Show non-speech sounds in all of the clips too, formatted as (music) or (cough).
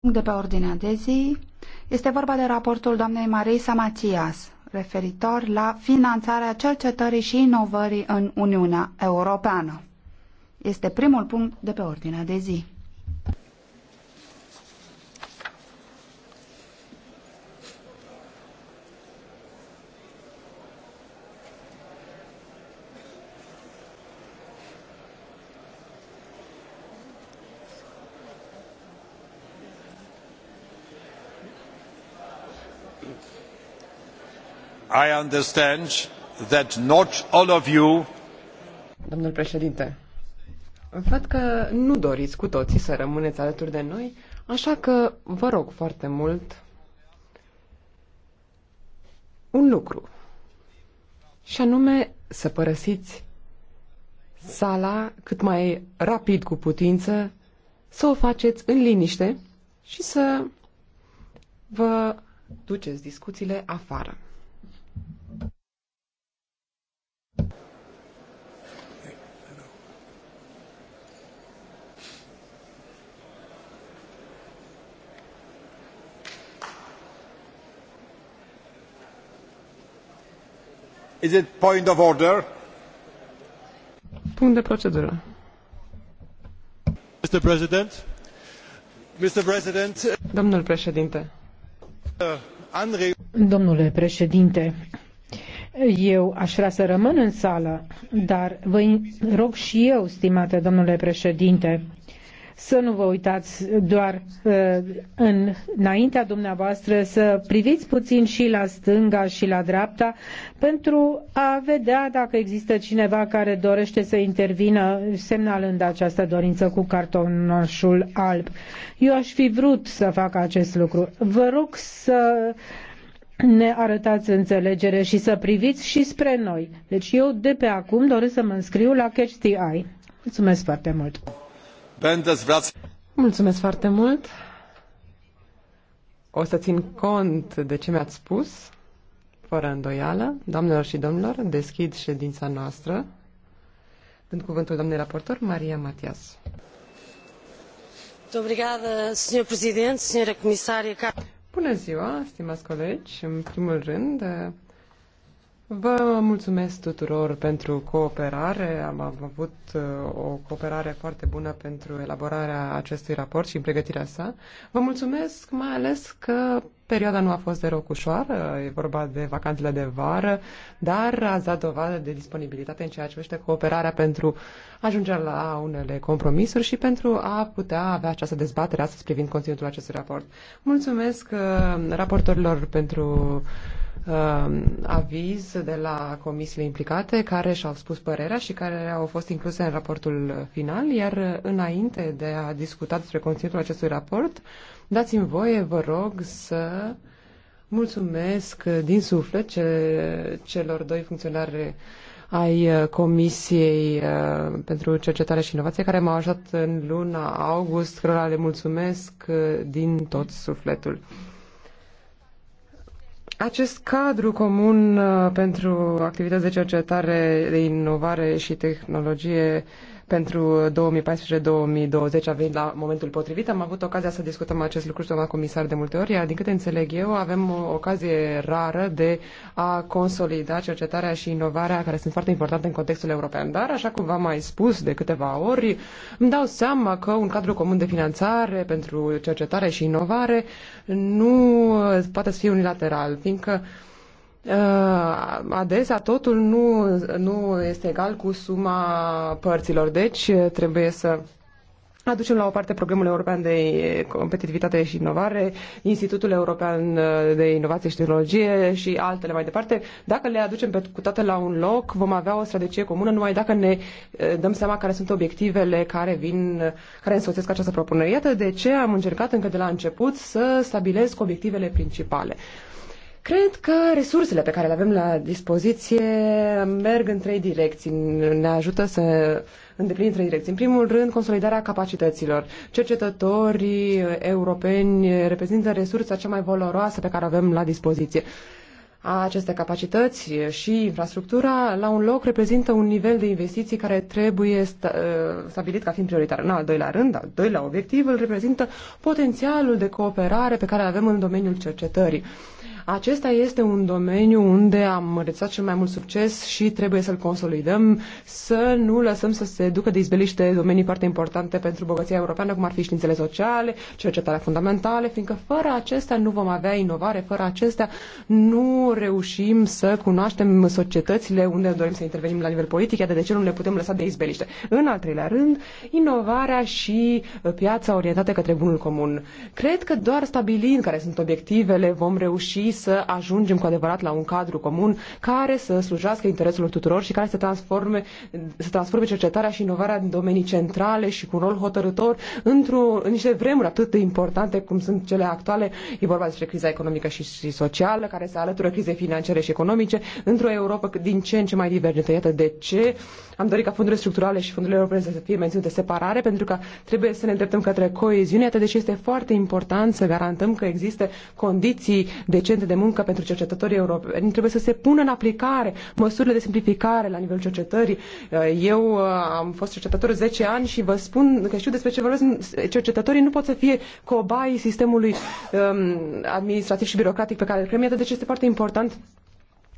punct de pe ordinea de zi este vorba de raportul doamnei Marisa Matias referitor la finanțarea cercetării și inovării în Uniunea Europeană. Este primul punct de pe ordinea de zi. domnule președinte, văd că nu doriți cu toții să rămâneți alături de noi, așa că vă rog foarte mult un lucru, și anume să părăsiți sala cât mai rapid cu putință, să o faceți în liniște și să vă duceți discuțiile afară. Punct de procedură. președinte. Uh, domnule președinte, eu aș vrea să rămân în sală, dar vă rog și eu, stimate domnule președinte, să nu vă uitați doar uh, în, înaintea dumneavoastră, să priviți puțin și la stânga și la dreapta pentru a vedea dacă există cineva care dorește să intervină semnalând această dorință cu cartonașul alb. Eu aș fi vrut să fac acest lucru. Vă rog să ne arătați înțelegere și să priviți și spre noi. Deci eu de pe acum doresc să mă înscriu la Catch the Eye. Mulțumesc foarte mult! Mulțumesc foarte mult. O să țin cont de ce mi-ați spus, fără îndoială. Doamnelor și domnilor, deschid ședința noastră. Dând cuvântul doamnei raportor, Maria Matias. Bună ziua, stimați colegi. În primul rând, Vă mulțumesc tuturor pentru cooperare. Am avut uh, o cooperare foarte bună pentru elaborarea acestui raport și în pregătirea sa. Vă mulțumesc mai ales că Perioada nu a fost deloc ușoară, e vorba de vacanțele de vară, dar ați dat dovadă de disponibilitate în ceea ce privește cooperarea pentru ajunge la unele compromisuri și pentru a putea avea această dezbatere astăzi privind conținutul acestui raport. Mulțumesc uh, raportorilor pentru uh, aviz de la comisiile implicate care și-au spus părerea și care au fost incluse în raportul final, iar înainte de a discuta despre conținutul acestui raport, Dați-mi voie, vă rog, să mulțumesc din suflet ce, celor doi funcționari ai uh, Comisiei uh, pentru Cercetare și Inovație care m-au ajutat în luna august, cărora le mulțumesc uh, din tot sufletul. Acest cadru comun pentru activități de cercetare, de inovare și tehnologie pentru 2014-2020 a venit la momentul potrivit. Am avut ocazia să discutăm acest lucru și doamna comisar de multe ori, iar din câte înțeleg eu, avem o ocazie rară de a consolida cercetarea și inovarea care sunt foarte importante în contextul european. Dar, așa cum v-am mai spus de câteva ori, îmi dau seama că un cadru comun de finanțare pentru cercetare și inovare nu poate să fie unilateral, fiindcă uh, Uh, adesea totul nu, nu este egal cu suma părților, deci trebuie să Aducem la o parte programul european de competitivitate și inovare, Institutul European de Inovație și Tehnologie și altele mai departe. Dacă le aducem pe cu toate la un loc, vom avea o strategie comună numai dacă ne uh, dăm seama care sunt obiectivele care vin, care însoțesc această propunere. Iată de ce am încercat încă de la început să stabilesc obiectivele principale. Cred că resursele pe care le avem la dispoziție merg în trei direcții. Ne ajută să îndeplinim trei direcții. În primul rând, consolidarea capacităților. Cercetătorii europeni reprezintă resursa cea mai valoroasă pe care o avem la dispoziție. Aceste capacități și infrastructura la un loc reprezintă un nivel de investiții care trebuie ă, stabilit ca fiind prioritar. În al doilea rând, al doilea obiectiv îl reprezintă potențialul de cooperare pe care îl avem în domeniul cercetării. Acesta este un domeniu unde am înregistrat cel mai mult succes și trebuie să-l consolidăm, să nu lăsăm să se ducă de izbeliște domenii foarte importante pentru bogăția europeană, cum ar fi științele sociale, cercetarea fundamentale, fiindcă fără acestea nu vom avea inovare, fără acestea nu reușim să cunoaștem societățile unde dorim să intervenim la nivel politic, de ce nu le putem lăsa de izbeliște. În al treilea rând, inovarea și piața orientată către bunul comun. Cred că doar stabilind care sunt obiectivele vom reuși să ajungem cu adevărat la un cadru comun care să slujească intereselor tuturor și care să transforme, să transforme cercetarea și inovarea în domenii centrale și cu un rol hotărător într-o, în niște vremuri atât de importante cum sunt cele actuale. E vorba despre criza economică și, și socială care se alătură crizei financiare și economice într-o Europa din ce în ce mai divergentă. Iată de ce am dorit ca fondurile structurale și fondurile europene să fie menținute separare pentru că trebuie să ne îndreptăm către coeziune. Iată de ce este foarte important să garantăm că există condiții decente accidente de muncă pentru cercetătorii europeni. Trebuie să se pună în aplicare măsurile de simplificare la nivelul cercetării. Uh, eu uh, am fost cercetător 10 ani și vă spun că știu despre ce vorbesc. Cercetătorii nu pot să fie cobai sistemului um, administrativ și birocratic pe care îl creăm. Iată de deci ce este foarte important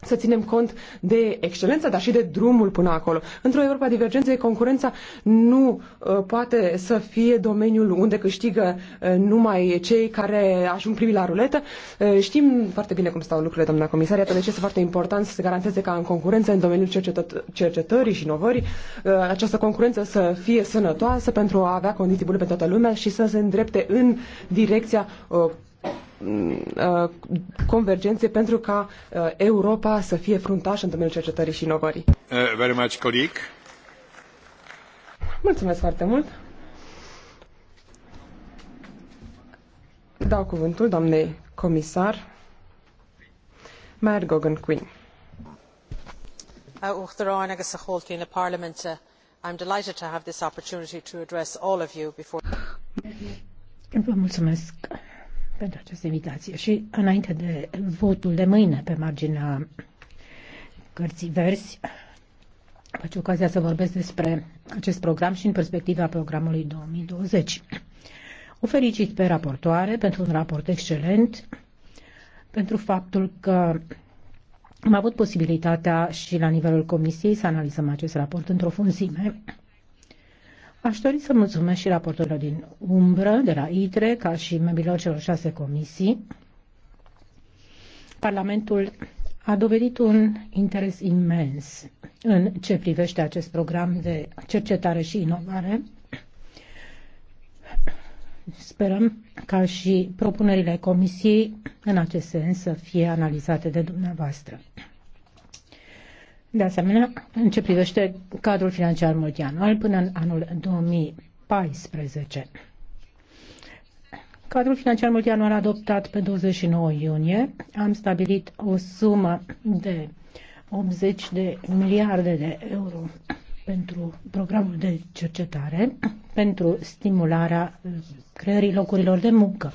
să ținem cont de excelență, dar și de drumul până acolo. Într-o Europa divergenței, concurența nu uh, poate să fie domeniul unde câștigă uh, numai cei care ajung primii la ruletă. Uh, știm foarte bine cum stau lucrurile, doamna comisar, iată de ce este foarte important să se garanteze ca în concurență, în domeniul cercetă- cercetării și inovării, uh, această concurență să fie sănătoasă pentru a avea condiții bune pentru toată lumea și să se îndrepte în direcția uh, Uh, convergențe pentru ca uh, Europa să fie fruntașă în domeniul cercetării și inovării. Uh, very much, colleague. Mulțumesc foarte mult. Dau cuvântul doamnei comisar Mad Gogan Quinn. I'm delighted to have this opportunity to address all of you before. Vă mulțumesc pentru această invitație. Și înainte de votul de mâine pe marginea cărții versi, fac ocazia să vorbesc despre acest program și în perspectiva programului 2020. O felicit pe raportoare pentru un raport excelent, pentru faptul că am avut posibilitatea și la nivelul comisiei să analizăm acest raport într-o funzime Aș dori să mulțumesc și raportorilor din umbră, de la ITRE, ca și membrilor celor șase comisii. Parlamentul a dovedit un interes imens în ce privește acest program de cercetare și inovare. Sperăm ca și propunerile comisiei în acest sens să fie analizate de dumneavoastră. De asemenea, în ce privește cadrul financiar multianual până în anul 2014. Cadrul financiar multianual adoptat pe 29 iunie, am stabilit o sumă de 80 de miliarde de euro pentru programul de cercetare, pentru stimularea creării locurilor de muncă.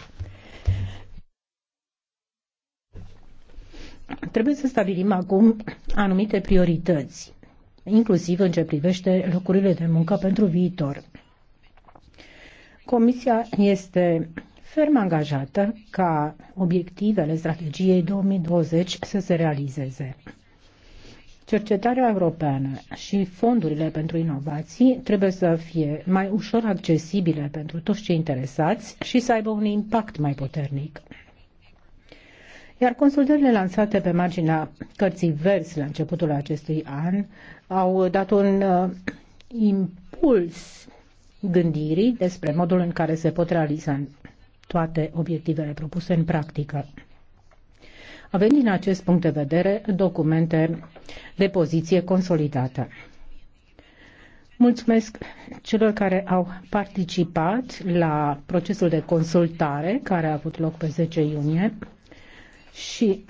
Trebuie să stabilim acum anumite priorități, inclusiv în ce privește locurile de muncă pentru viitor. Comisia este ferm angajată ca obiectivele strategiei 2020 să se realizeze. Cercetarea europeană și fondurile pentru inovații trebuie să fie mai ușor accesibile pentru toți cei interesați și să aibă un impact mai puternic. Iar consultările lansate pe marginea cărții verzi la începutul acestui an au dat un uh, impuls gândirii despre modul în care se pot realiza toate obiectivele propuse în practică. Avem din acest punct de vedere documente de poziție consolidată. Mulțumesc celor care au participat la procesul de consultare care a avut loc pe 10 iunie și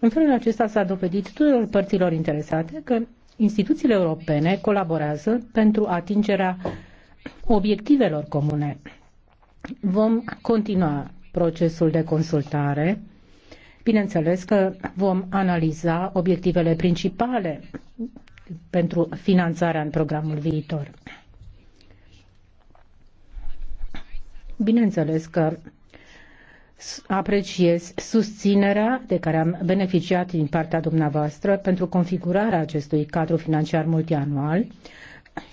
în felul acesta s-a dovedit tuturor părților interesate că instituțiile europene colaborează pentru atingerea obiectivelor comune. Vom continua procesul de consultare. Bineînțeles că vom analiza obiectivele principale pentru finanțarea în programul viitor. Bineînțeles că apreciez susținerea de care am beneficiat din partea dumneavoastră pentru configurarea acestui cadru financiar multianual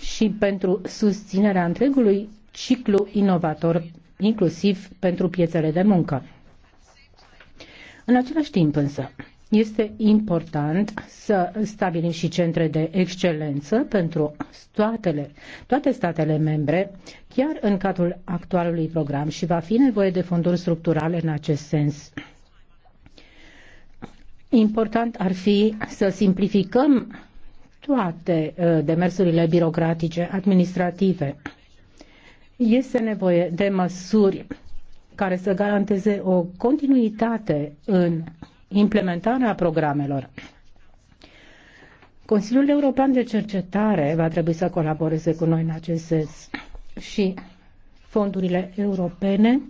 și pentru susținerea întregului ciclu inovator, inclusiv pentru piețele de muncă. În același timp însă, este important să stabilim și centre de excelență pentru toatele, toate statele membre, chiar în cadrul actualului program și va fi nevoie de fonduri structurale în acest sens. Important ar fi să simplificăm toate uh, demersurile birocratice, administrative. Este nevoie de măsuri care să garanteze o continuitate în implementarea programelor. Consiliul European de Cercetare va trebui să colaboreze cu noi în acest sens și fondurile europene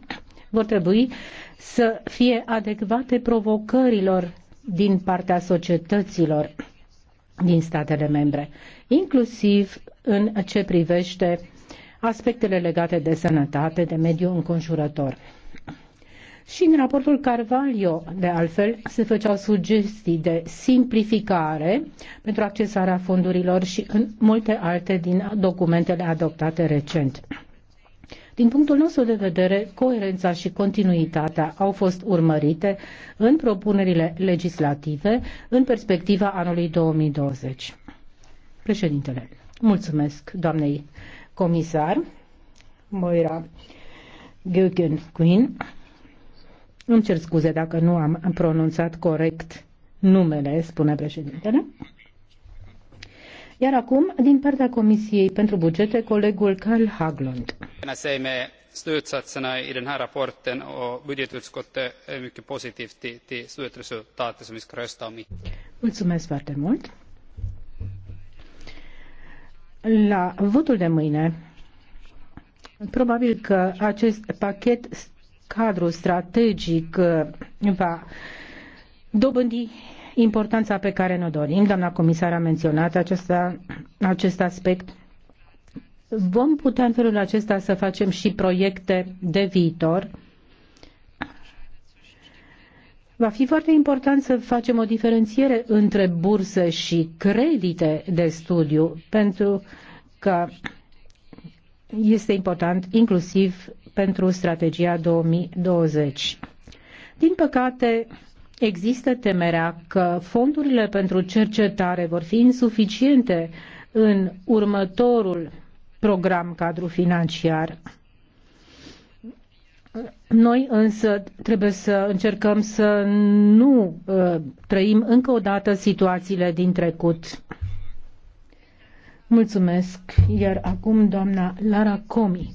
vor trebui să fie adecvate provocărilor din partea societăților din statele membre, inclusiv în ce privește aspectele legate de sănătate, de mediu înconjurător. Și în raportul Carvalho, de altfel, se făceau sugestii de simplificare pentru accesarea fondurilor și în multe alte din documentele adoptate recent. Din punctul nostru de vedere, coerența și continuitatea au fost urmărite în propunerile legislative în perspectiva anului 2020. Președintele, mulțumesc doamnei comisar Moira Guggen Quinn. Îmi cer scuze dacă nu am pronunțat corect numele, spune președintele. Iar acum, din partea Comisiei pentru Bugete, colegul Carl Haglund. Slutsatserna i den här rapporten och budgetutskottet är mycket positivt till, till slutresultatet som vi ska rösta om. Mulțumesc foarte mult. La votul de mâine, probabil că acest pachet cadru strategic uh, va dobândi importanța pe care ne dorim. Doamna comisar a menționat acesta, acest aspect. Vom putea în felul acesta să facem și proiecte de viitor. Va fi foarte important să facem o diferențiere între burse și credite de studiu, pentru că este important inclusiv pentru strategia 2020. Din păcate, există temerea că fondurile pentru cercetare vor fi insuficiente în următorul program cadru financiar. Noi însă trebuie să încercăm să nu uh, trăim încă o dată situațiile din trecut. Mulțumesc, iar acum doamna Lara Comi.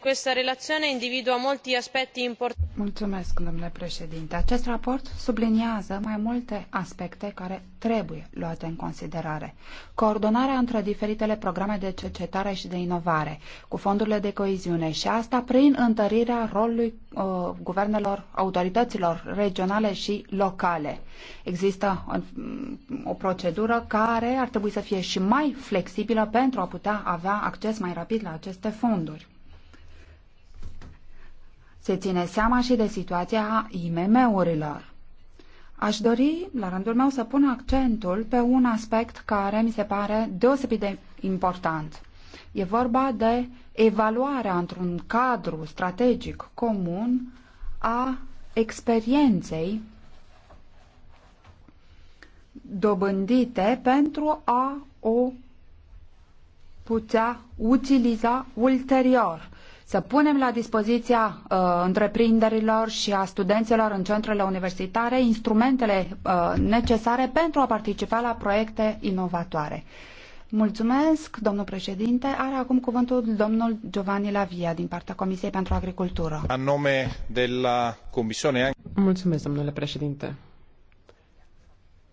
Questa relazione individua molti aspetti importanti. Mulțumesc, domnule președinte. Acest raport subliniază mai multe aspecte care trebuie luate în considerare. Coordonarea între diferitele programe de cercetare și de inovare cu fondurile de coeziune și asta prin întărirea rolului uh, guvernelor, autorităților regionale și locale. Există o, uh, o procedură care ar trebui să fie și mai flexibilă flexibilă pentru a putea avea acces mai rapid la aceste fonduri. Se ține seama și de situația IMM-urilor. Aș dori, la rândul meu, să pun accentul pe un aspect care mi se pare deosebit de important. E vorba de evaluarea într-un cadru strategic comun a experienței dobândite pentru a o putea utiliza ulterior. Să punem la dispoziția uh, întreprinderilor și a studenților în centrele universitare instrumentele uh, necesare pentru a participa la proiecte inovatoare. Mulțumesc, domnul președinte. Are acum cuvântul domnul Giovanni Lavia din partea Comisiei pentru Agricultură. A nome de la Comisione... Mulțumesc, domnule președinte.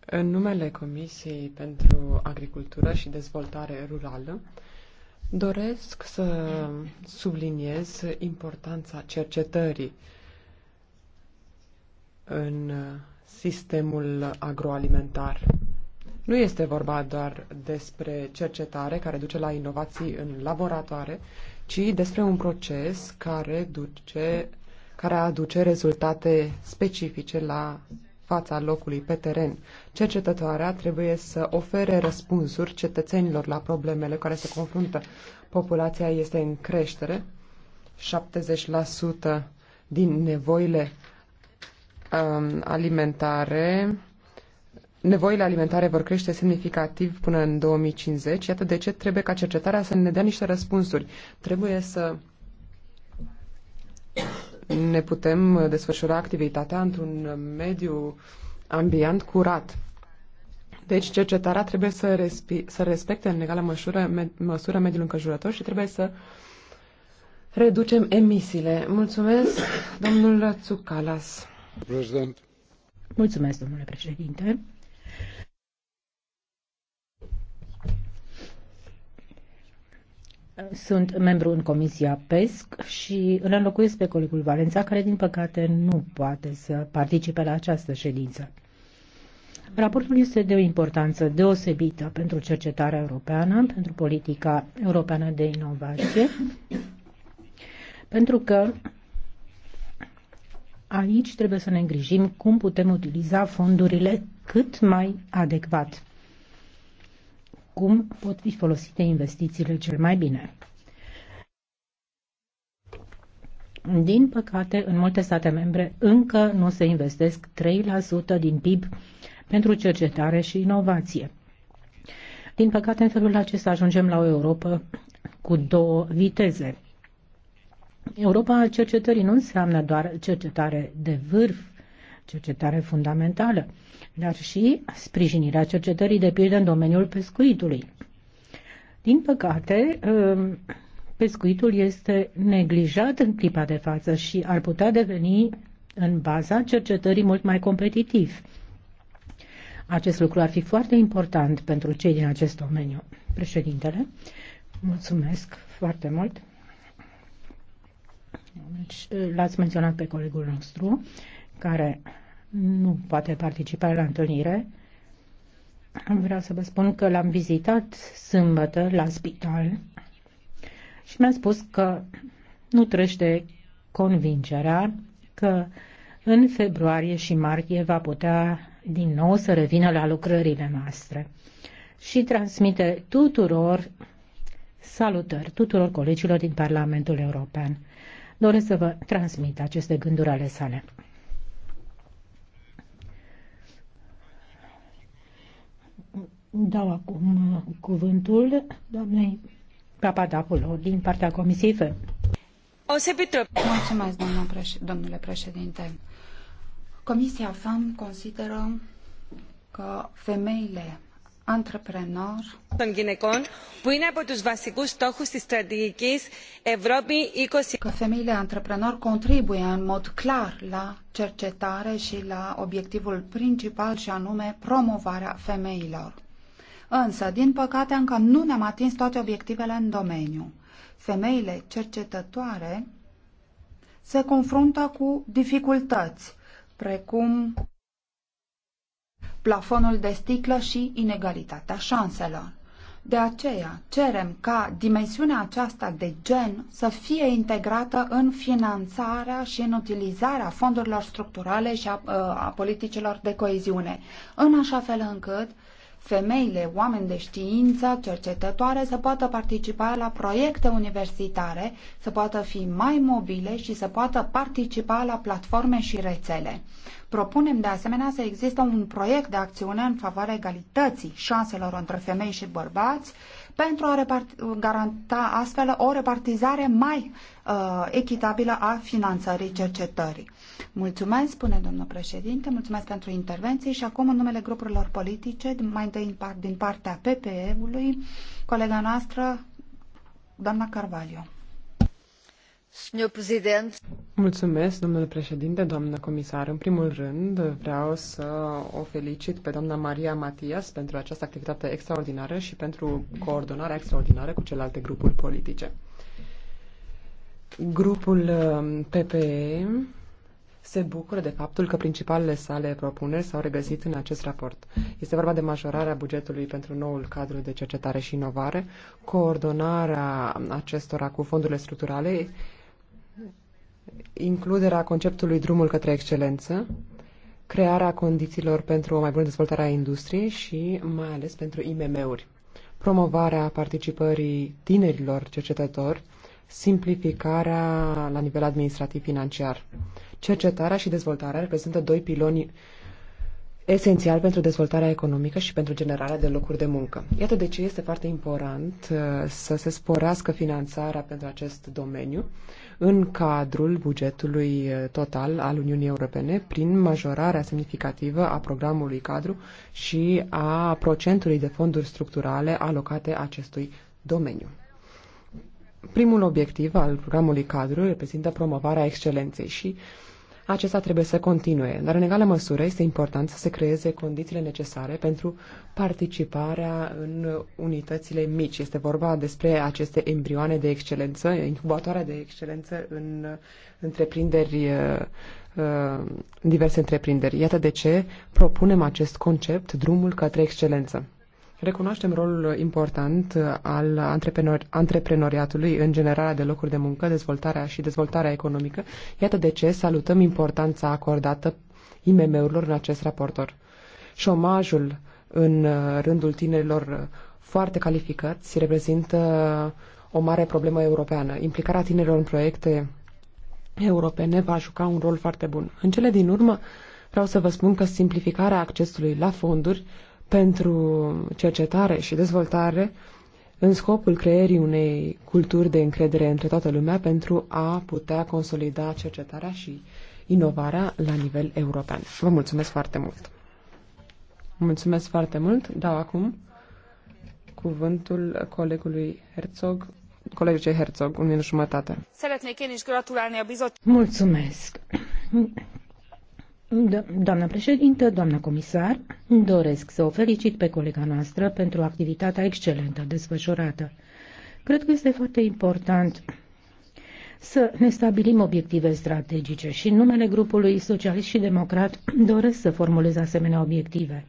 În numele Comisiei pentru Agricultură și Dezvoltare Rurală, Doresc să subliniez importanța cercetării în sistemul agroalimentar. Nu este vorba doar despre cercetare care duce la inovații în laboratoare, ci despre un proces care, duce, care aduce rezultate specifice la fața locului, pe teren. Cercetătoarea trebuie să ofere răspunsuri cetățenilor la problemele care se confruntă. Populația este în creștere, 70% din nevoile um, alimentare Nevoile alimentare vor crește semnificativ până în 2050. Iată de ce trebuie ca cercetarea să ne dea niște răspunsuri. Trebuie să ne putem desfășura activitatea într-un mediu ambient curat. Deci cercetarea trebuie să, respi- să respecte în egală măsură, me- măsură mediul înconjurător și trebuie să reducem emisiile. Mulțumesc, domnul Tsukalas. President. Mulțumesc, domnule președinte. Sunt membru în Comisia PESC și îl înlocuiesc pe colegul Valența, care din păcate nu poate să participe la această ședință. Raportul este de o importanță deosebită pentru cercetarea europeană, pentru politica europeană de inovație, pentru că aici trebuie să ne îngrijim cum putem utiliza fondurile cât mai adecvat cum pot fi folosite investițiile cel mai bine. Din păcate, în multe state membre încă nu se investesc 3% din PIB pentru cercetare și inovație. Din păcate, în felul acesta ajungem la o Europa cu două viteze. Europa cercetării nu înseamnă doar cercetare de vârf, cercetare fundamentală, dar și sprijinirea cercetării de pildă în domeniul pescuitului. Din păcate, um, pescuitul este neglijat în clipa de față și ar putea deveni în baza cercetării mult mai competitiv. Acest lucru ar fi foarte important pentru cei din acest domeniu. Președintele, mulțumesc foarte mult. Deci, l-ați menționat pe colegul nostru, care nu poate participa la întâlnire. Vreau să vă spun că l-am vizitat sâmbătă la spital și mi-a spus că nu trește convingerea că în februarie și martie va putea din nou să revină la lucrările noastre și transmite tuturor salutări, tuturor colegilor din Parlamentul European. Doresc să vă transmit aceste gânduri ale sale. Dau acum uh, cuvântul doamnei Papadopoulou din partea Comisiei FEM. O să Mulțumesc, preș domnule președinte. Comisia FAM consideră că femeile antreprenor των γυναικών που είναι από τους βασικούς στόχους της στρατηγικής Ευρώπη 20. Că femeile antreprenor contribuie în mod clar la cercetare și la obiectivul principal și anume promovarea femeilor. Însă, din păcate, încă nu ne-am atins toate obiectivele în domeniu. Femeile cercetătoare se confruntă cu dificultăți, precum plafonul de sticlă și inegalitatea șanselor. De aceea cerem ca dimensiunea aceasta de gen să fie integrată în finanțarea și în utilizarea fondurilor structurale și a, a politicilor de coeziune, în așa fel încât femeile, oameni de știință, cercetătoare să poată participa la proiecte universitare, să poată fi mai mobile și să poată participa la platforme și rețele. Propunem de asemenea să există un proiect de acțiune în favoarea egalității șanselor între femei și bărbați, pentru a garanta astfel o repartizare mai uh, echitabilă a finanțării cercetării. Mulțumesc, spune domnul președinte, mulțumesc pentru intervenții și acum în numele grupurilor politice, mai întâi din partea PPE-ului, colega noastră, doamna Carvalho domnule președinte, comisar. În primul rând, vreau să o felicit pe doamna Maria Matias pentru această activitate extraordinară și pentru coordonarea extraordinară cu celelalte grupuri politice. Grupul um, PPE se bucură de faptul că principalele sale propuneri s-au regăsit în acest raport. Este vorba de majorarea bugetului pentru noul cadru de cercetare și inovare, coordonarea acestora cu fondurile structurale, includerea conceptului drumul către excelență, crearea condițiilor pentru o mai bună dezvoltare a industriei și mai ales pentru IMM-uri, promovarea participării tinerilor cercetători, simplificarea la nivel administrativ financiar. Cercetarea și dezvoltarea reprezintă doi piloni esențial pentru dezvoltarea economică și pentru generarea de locuri de muncă. Iată de ce este foarte important uh, să se sporească finanțarea pentru acest domeniu în cadrul bugetului uh, total al Uniunii Europene prin majorarea semnificativă a programului cadru și a procentului de fonduri structurale alocate acestui domeniu. Primul obiectiv al programului cadru reprezintă promovarea excelenței și uh, acesta trebuie să continue, dar în egală măsură este important să se creeze condițiile necesare pentru participarea în unitățile mici. Este vorba despre aceste embrioane de excelență, incubatoare de excelență în uh, întreprinderi uh, uh, în diverse întreprinderi. Iată de ce propunem acest concept, drumul către excelență. Recunoaștem rolul important al antreprenor- antreprenoriatului în generarea de locuri de muncă, dezvoltarea și dezvoltarea economică. Iată de ce salutăm importanța acordată IMM-urilor în acest raportor. Șomajul în rândul tinerilor foarte calificați reprezintă o mare problemă europeană. Implicarea tinerilor în proiecte europene va juca un rol foarte bun. În cele din urmă, vreau să vă spun că simplificarea accesului la fonduri pentru cercetare și dezvoltare în scopul creierii unei culturi de încredere între toată lumea pentru a putea consolida cercetarea și inovarea la nivel european. Vă mulțumesc foarte mult! Mulțumesc foarte mult! Dau acum cuvântul colegului Herzog, colegii Herzog, un minut jumătate. Mulțumesc! Da, doamna președintă, doamna comisar, doresc să o felicit pe colega noastră pentru activitatea excelentă desfășurată. Cred că este foarte important să ne stabilim obiective strategice și în numele grupului socialist și democrat doresc să formulez asemenea obiective.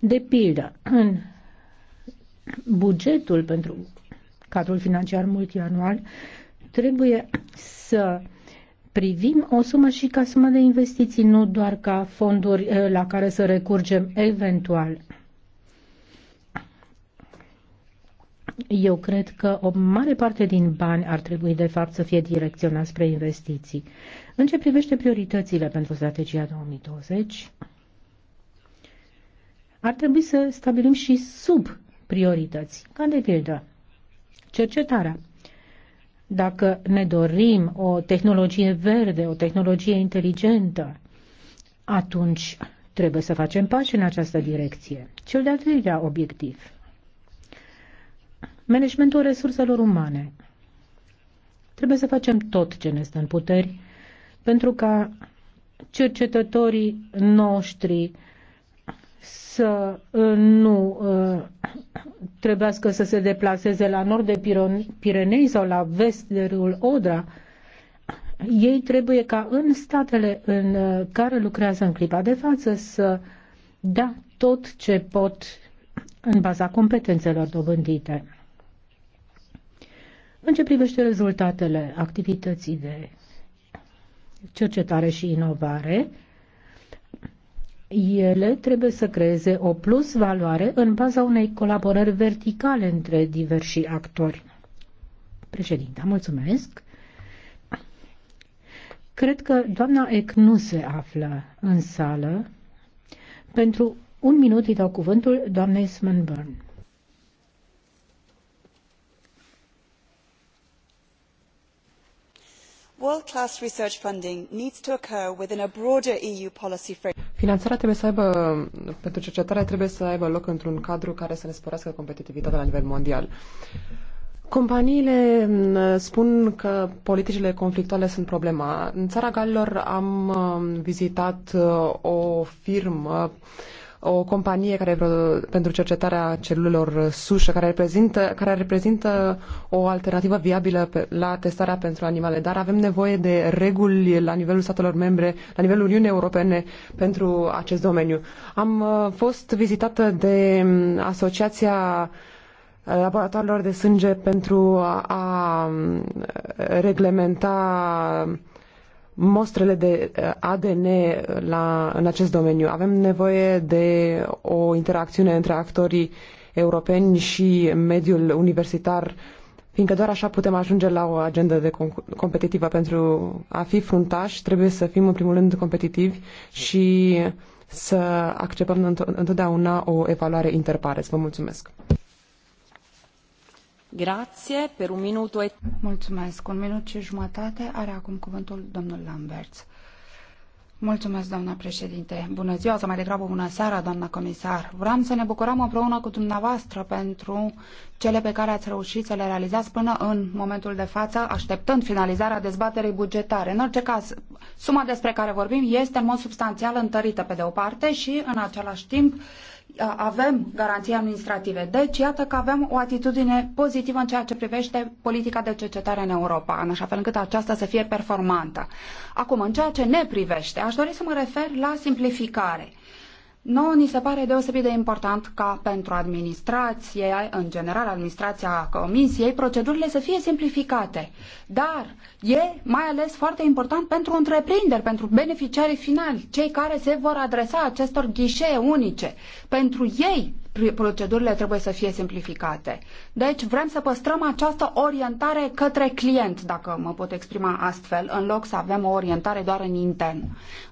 De pildă, în bugetul pentru cadrul financiar multianual trebuie să privim o sumă și ca sumă de investiții, nu doar ca fonduri eh, la care să recurgem eventual. Eu cred că o mare parte din bani ar trebui, de fapt, să fie direcționați spre investiții. În ce privește prioritățile pentru strategia 2020, ar trebui să stabilim și sub priorități, ca de pildă cercetarea, dacă ne dorim o tehnologie verde, o tehnologie inteligentă, atunci trebuie să facem pași în această direcție. Cel de-al treilea obiectiv. Managementul resurselor umane. Trebuie să facem tot ce ne stă în puteri pentru ca cercetătorii noștri să uh, nu uh, trebuiască să se deplaseze la nord de Pirenei sau la vest de râul Odra. Ei trebuie ca în statele în uh, care lucrează în clipa de față să dea tot ce pot în baza competențelor dobândite. În ce privește rezultatele activității de cercetare și inovare, ele trebuie să creeze o plus valoare în baza unei colaborări verticale între diversi actori. Președinte, mulțumesc. Cred că doamna Ec nu se află în sală. Pentru un minut îi dau cuvântul doamnei Smenburn. world class research funding needs to occur within a broader EU policy framework. Finanțarea trebuie să aibă, pentru cercetare trebuie să aibă loc într-un cadru care să ne sporească competitivitatea la nivel mondial. Companiile mm, spun că politicile conflictuale sunt problema. În țara Galilor am mm, vizitat uh, o firmă o companie care pentru cercetarea celulelor sușă, care reprezintă, care reprezintă o alternativă viabilă pe, la testarea pentru animale, dar avem nevoie de reguli la nivelul statelor membre, la nivelul Uniunii Europene pentru acest domeniu. Am uh, fost vizitată de mm, Asociația uh, laboratoarelor de sânge pentru a mm, reglementa mostrele de eh, ADN la, în acest domeniu. Avem nevoie de o interacțiune între actorii europeni și mediul universitar, fiindcă doar așa putem ajunge la o agendă de competitivă. Pentru a fi fruntași trebuie să fim în primul rând competitivi și să acceptăm întotdeauna o evaluare interpare. Vă mulțumesc! Grație, per un minut. Mulțumesc. Un minut și jumătate are acum cuvântul domnul Lamberts. Mulțumesc, doamna președinte. Bună ziua, sau mai degrabă bună seara, doamna comisar. Vreau să ne bucurăm împreună cu dumneavoastră pentru cele pe care ați reușit să le realizați până în momentul de față, așteptând finalizarea dezbaterii bugetare. În orice caz, suma despre care vorbim este în mod substanțial întărită pe de o parte și, în același timp, avem garanții administrative. Deci, iată că avem o atitudine pozitivă în ceea ce privește politica de cercetare în Europa, în așa fel încât aceasta să fie performantă. Acum, în ceea ce ne privește, aș dori să mă refer la simplificare. Nouă ni se pare deosebit de important ca pentru administrație, în general administrația Comisiei, procedurile să fie simplificate. Dar e mai ales foarte important pentru întreprinderi, pentru beneficiarii finali, cei care se vor adresa acestor ghișee unice. Pentru ei procedurile trebuie să fie simplificate. Deci vrem să păstrăm această orientare către client, dacă mă pot exprima astfel, în loc să avem o orientare doar în intern.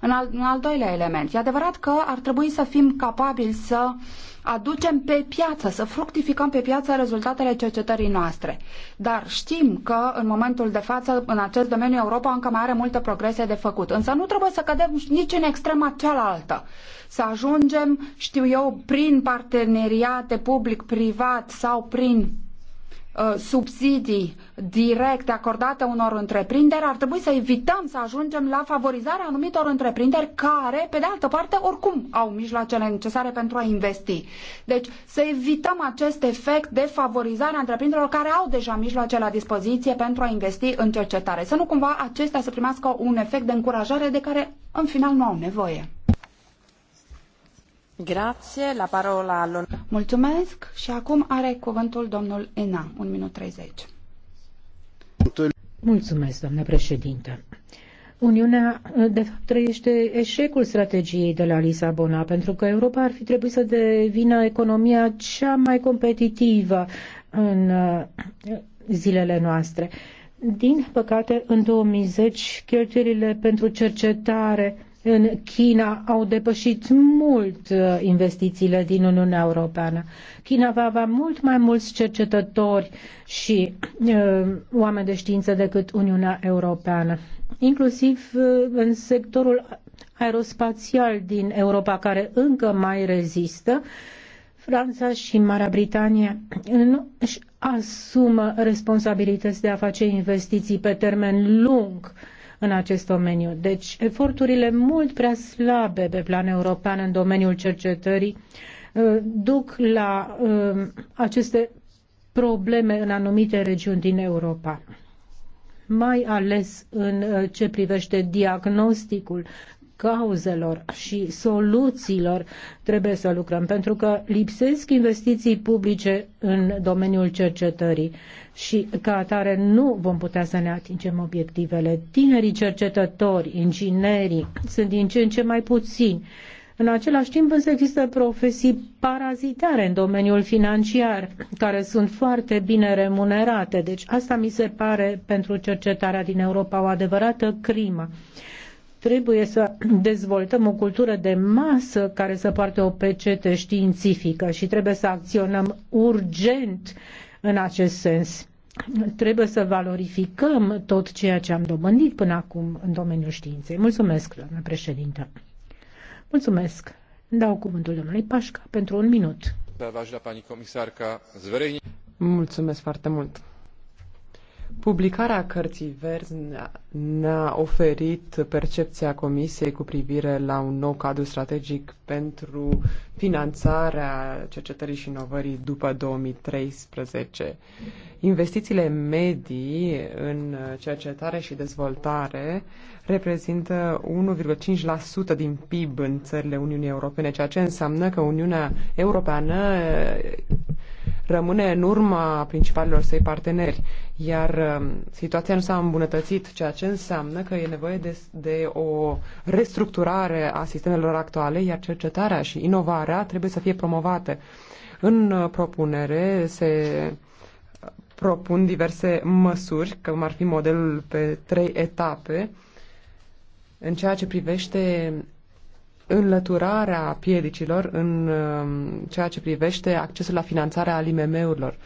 În al, în al doilea element, e adevărat că ar trebui să fim capabili să uh, aducem pe piață, să fructificăm pe piață rezultatele cercetării noastre. Dar știm că în momentul de față, în acest domeniu, Europa încă mai are multe progrese de făcut. Însă nu trebuie să cădem nici în extrema cealaltă. Să ajungem, știu eu, prin parteneriate public-privat sau prin Uh, subsidii directe acordate unor întreprinderi, ar trebui să evităm să ajungem la favorizarea anumitor întreprinderi care, pe de altă parte, oricum au mijloacele necesare pentru a investi. Deci să evităm acest efect de favorizare a întreprinderilor care au deja mijloace la dispoziție pentru a investi în cercetare. Să nu cumva acestea să primească un efect de încurajare de care în final nu au nevoie. Grație, la parola al... Mulțumesc și acum are cuvântul domnul Ena, un minut 30. Mulțumesc, doamnă președinte. Uniunea, de fapt, trăiește eșecul strategiei de la Lisabona, pentru că Europa ar fi trebuit să devină economia cea mai competitivă în uh, zilele noastre. Din păcate, în 2010, cheltuielile pentru cercetare în China au depășit mult uh, investițiile din Uniunea Europeană. China va avea mult mai mulți cercetători și uh, oameni de știință decât Uniunea Europeană, inclusiv uh, în sectorul aerospațial din Europa, care încă mai rezistă. Franța și Marea Britanie nu își asumă responsabilități de a face investiții pe termen lung uh, în acest domeniu. Deci, eforturile mult prea slabe pe plan european în domeniul cercetării uh, duc la uh, aceste probleme în anumite regiuni din Europa mai ales în uh, ce privește diagnosticul cauzelor și soluțiilor trebuie să lucrăm, pentru că lipsesc investiții publice în domeniul cercetării și ca atare nu vom putea să ne atingem obiectivele. Tinerii cercetători, inginerii sunt din ce în ce mai puțini. În același timp însă există profesii parazitare în domeniul financiar, care sunt foarte bine remunerate. Deci asta mi se pare pentru cercetarea din Europa o adevărată crimă. Trebuie să dezvoltăm o cultură de masă care să poarte o pecete științifică și trebuie să acționăm urgent în acest sens. Trebuie să valorificăm tot ceea ce am dobândit până acum în domeniul științei. Mulțumesc, doamnă președintă. Mulțumesc. Dau cuvântul domnului Pașca pentru un minut. Vă da, comisarca Mulțumesc foarte mult. Publicarea cărții verzi ne-a oferit percepția Comisiei cu privire la un nou cadru strategic pentru finanțarea cercetării și inovării după 2013. Investițiile medii în cercetare și dezvoltare reprezintă 1,5% din PIB în țările Uniunii Europene, ceea ce înseamnă că Uniunea Europeană rămâne în urma principalilor săi parteneri iar um, situația nu s-a îmbunătățit, ceea ce înseamnă că e nevoie de, de o restructurare a sistemelor actuale, iar cercetarea și inovarea trebuie să fie promovate. În uh, propunere se uh, propun diverse măsuri, cum ar fi modelul pe trei etape, în ceea ce privește înlăturarea piedicilor, în um, ceea ce privește accesul la finanțarea al IMM-urilor.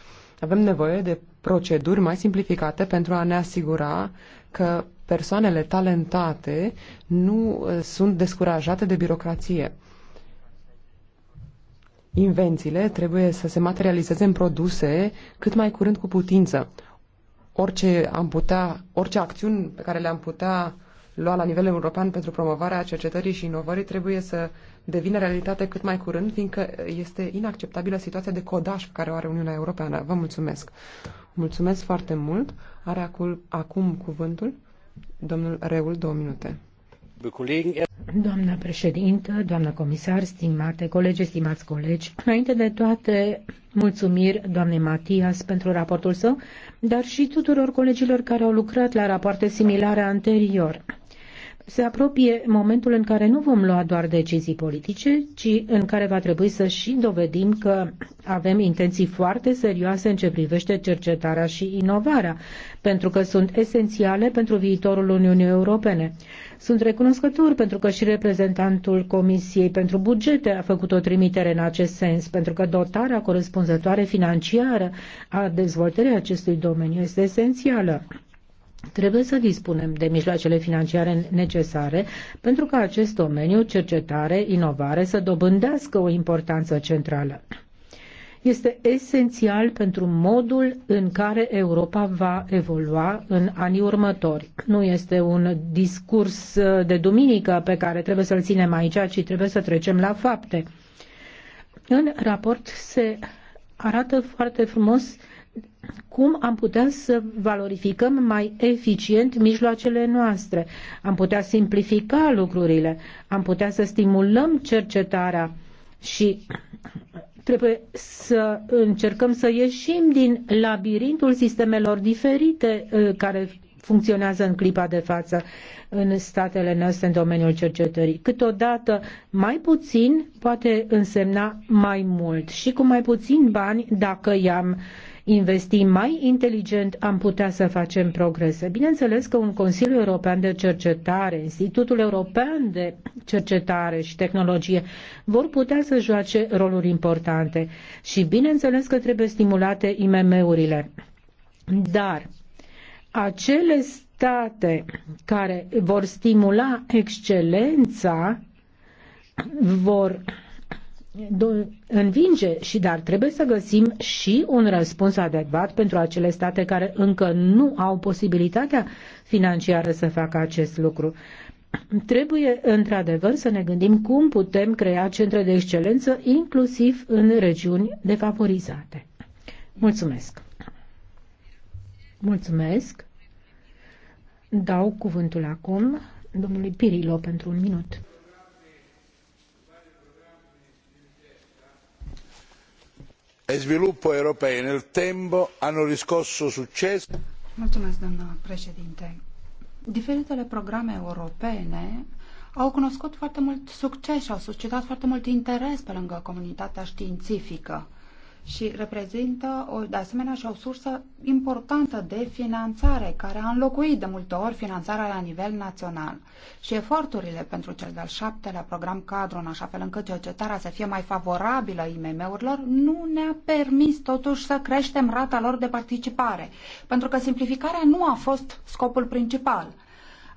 Avem nevoie de proceduri mai simplificate pentru a ne asigura că persoanele talentate nu uh, sunt descurajate de birocrație. Invențiile trebuie să se materializeze în produse cât mai curând cu putință. Orice, am putea, orice acțiuni pe care le-am putea lua la nivel european pentru promovarea cercetării și inovării trebuie să devină realitate cât mai curând, fiindcă este inacceptabilă situația de codaj pe care o are Uniunea Europeană. Vă mulțumesc! Mulțumesc foarte mult! Are acul, acum cuvântul domnul Reul, două minute. Doamna președintă, doamna comisar, stimate colegi, stimați colegi, înainte de toate, mulțumiri doamnei Matias pentru raportul său, dar și tuturor colegilor care au lucrat la rapoarte similare anterior se apropie momentul în care nu vom lua doar decizii politice, ci în care va trebui să și dovedim că avem intenții foarte serioase în ce privește cercetarea și inovarea, pentru că sunt esențiale pentru viitorul Uniunii Europene. Sunt recunoscător pentru că și reprezentantul Comisiei pentru Bugete a făcut o trimitere în acest sens, pentru că dotarea corespunzătoare financiară a dezvoltării acestui domeniu este esențială. Trebuie să dispunem de mijloacele financiare necesare pentru ca acest domeniu, cercetare, inovare, să dobândească o importanță centrală. Este esențial pentru modul în care Europa va evolua în anii următori. Nu este un discurs de duminică pe care trebuie să-l ținem aici, ci trebuie să trecem la fapte. În raport se arată foarte frumos cum am putea să valorificăm mai eficient mijloacele noastre, am putea simplifica lucrurile, am putea să stimulăm cercetarea și trebuie să încercăm să ieșim din labirintul sistemelor diferite uh, care funcționează în clipa de față în statele noastre în domeniul cercetării. Câteodată mai puțin poate însemna mai mult și cu mai puțin bani dacă i-am uh, investim mai inteligent, am putea să facem progrese. Bineînțeles că un Consiliu European de Cercetare, Institutul European de Cercetare și Tehnologie vor putea să joace roluri importante și bineînțeles că trebuie stimulate IMM-urile. Dar acele state care vor stimula excelența vor învinge și dar trebuie să găsim și un răspuns adecvat pentru acele state care încă nu au posibilitatea financiară să facă acest lucru. Trebuie într-adevăr să ne gândim cum putem crea centre de excelență inclusiv în regiuni defavorizate. Mulțumesc. Mulțumesc. Dau cuvântul acum domnului Pirilo pentru un minut. e sviluppo europei nel tempo hanno riscosso successo. Mulțumesc, președinte. Diferitele programe europene au cunoscut foarte mult succes și au suscitat foarte mult interes pe lângă comunitatea științifică și reprezintă o, de asemenea și o sursă importantă de finanțare care a înlocuit de multe ori finanțarea la nivel național. Și eforturile pentru cel de-al șaptelea program cadru, în așa fel încât cercetarea să fie mai favorabilă IMM-urilor, nu ne-a permis totuși să creștem rata lor de participare, pentru că simplificarea nu a fost scopul principal.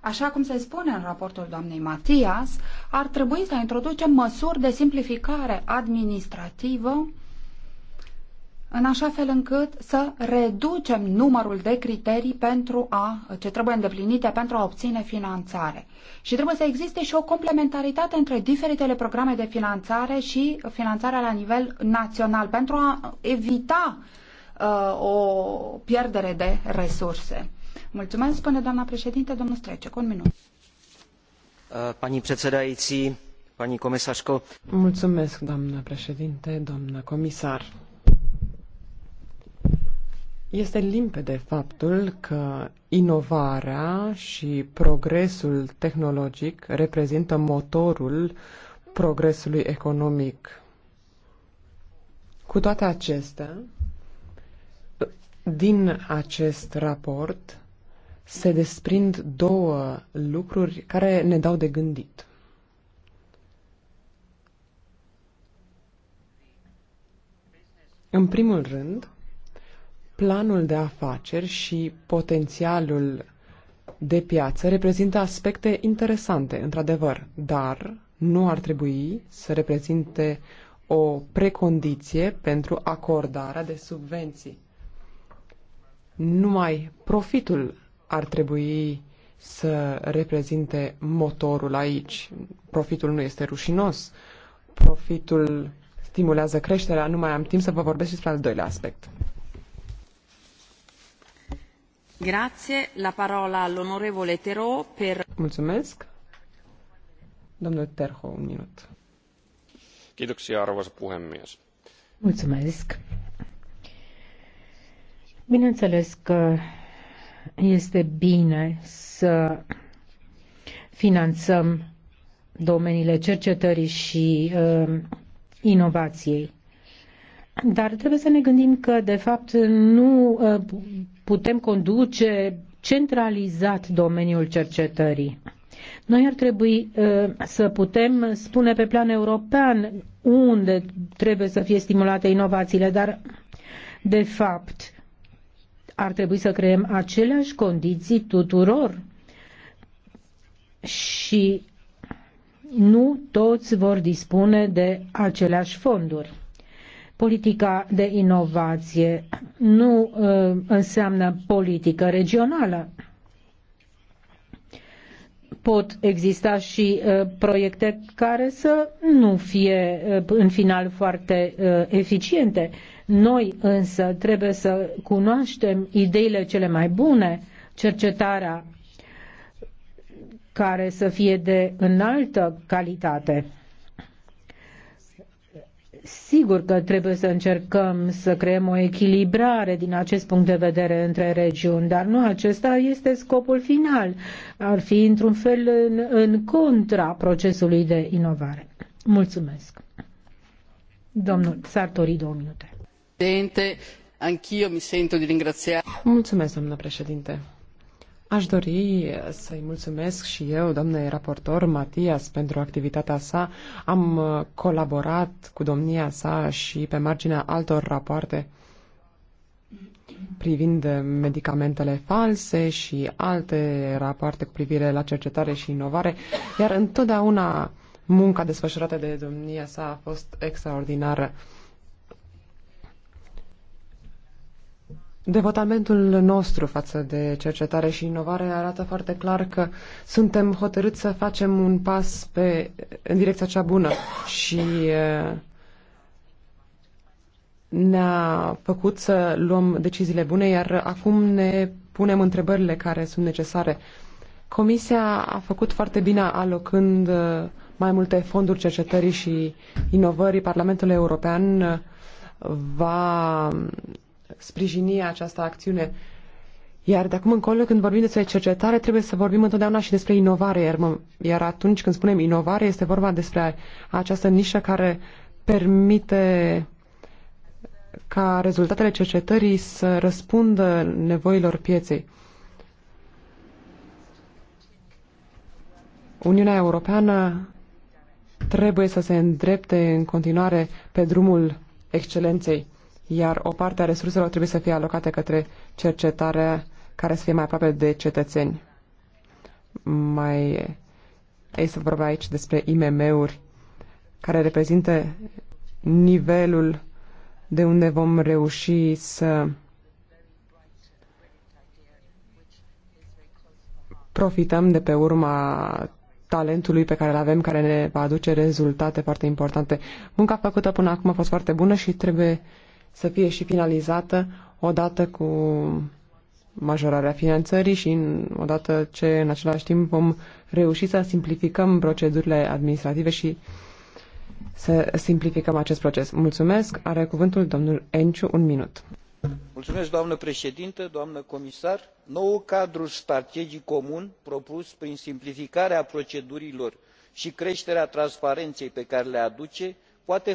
Așa cum se spune în raportul doamnei Matias, ar trebui să introducem măsuri de simplificare administrativă în așa fel încât să reducem numărul de criterii pentru a, ce trebuie îndeplinite pentru a obține finanțare. Și trebuie să existe și o complementaritate între diferitele programe de finanțare și finanțarea la nivel național pentru a evita uh, o pierdere de resurse. Mulțumesc, spune doamna președinte, domnul Strecec, un minut. Uh, pani predsedaici, pani comisarko. Mulțumesc, doamna președinte, doamna comisar. Este limpede faptul că inovarea și progresul tehnologic reprezintă motorul progresului economic. Cu toate acestea, din acest raport se desprind două lucruri care ne dau de gândit. În primul rând, Planul de afaceri și potențialul de piață reprezintă aspecte interesante, într-adevăr, dar nu ar trebui să reprezinte o precondiție pentru acordarea de subvenții. Numai profitul ar trebui să reprezinte motorul aici. Profitul nu este rușinos. Profitul stimulează creșterea. Nu mai am timp să vă vorbesc despre al doilea aspect. Mulțumesc. un minut. arvoisa puhemies. Mulțumesc. Bineînțeles că este bine să finanțăm domeniile cercetării și uh, inovației. Dar trebuie să ne gândim că, de fapt, nu uh, putem conduce centralizat domeniul cercetării. Noi ar trebui uh, să putem spune pe plan european unde trebuie să fie stimulate inovațiile, dar de fapt ar trebui să creăm aceleași condiții tuturor și nu toți vor dispune de aceleași fonduri. Politica de inovație nu ă, înseamnă politică regională. Pot exista și ă, proiecte care să nu fie ă, în final foarte eficiente. Noi însă trebuie să cunoaștem ideile cele mai bune, cercetarea care să fie de înaltă calitate. Sigur că trebuie să încercăm să creăm o echilibrare din acest punct de vedere între regiuni, dar nu acesta este scopul final. Ar fi într-un fel în, în contra procesului de inovare. Mulțumesc. Domnul Sartori, două minute. Mulțumesc, doamnă președinte. Aș dori eh, să-i mulțumesc și eu, domnule raportor Matias, pentru activitatea sa. Am eh, colaborat cu domnia sa și pe marginea altor rapoarte privind eh, medicamentele false și alte rapoarte cu privire la cercetare și inovare, iar întotdeauna munca desfășurată de domnia sa a fost extraordinară. Devotamentul nostru față de cercetare și inovare arată foarte clar că suntem hotărâți să facem un pas pe, în direcția cea bună și ne-a făcut să luăm deciziile bune, iar acum ne punem întrebările care sunt necesare. Comisia a făcut foarte bine alocând mai multe fonduri cercetării și inovării. Parlamentul European va sprijini această acțiune. Iar de acum încolo, când vorbim despre cercetare, trebuie să vorbim întotdeauna și despre inovare. Iar, mă, iar atunci când spunem inovare, este vorba despre această nișă care permite ca rezultatele cercetării să răspundă nevoilor pieței. Uniunea Europeană trebuie să se îndrepte în continuare pe drumul excelenței iar o parte a resurselor trebuie să fie alocate către cercetarea care să fie mai aproape de cetățeni. Mai să vorba aici despre IMM-uri, care reprezintă nivelul de unde vom reuși să profităm de pe urma talentului pe care îl avem, care ne va aduce rezultate foarte importante. Munca făcută până acum a fost foarte bună și trebuie să fie și finalizată odată cu majorarea finanțării și în, odată ce în același timp vom reuși să simplificăm procedurile administrative și să simplificăm acest proces. Mulțumesc. Are cuvântul domnul Enciu un minut. Mulțumesc, doamnă președintă, doamnă comisar. Noul cadru strategic comun propus prin simplificarea procedurilor și creșterea transparenței pe care le aduce poate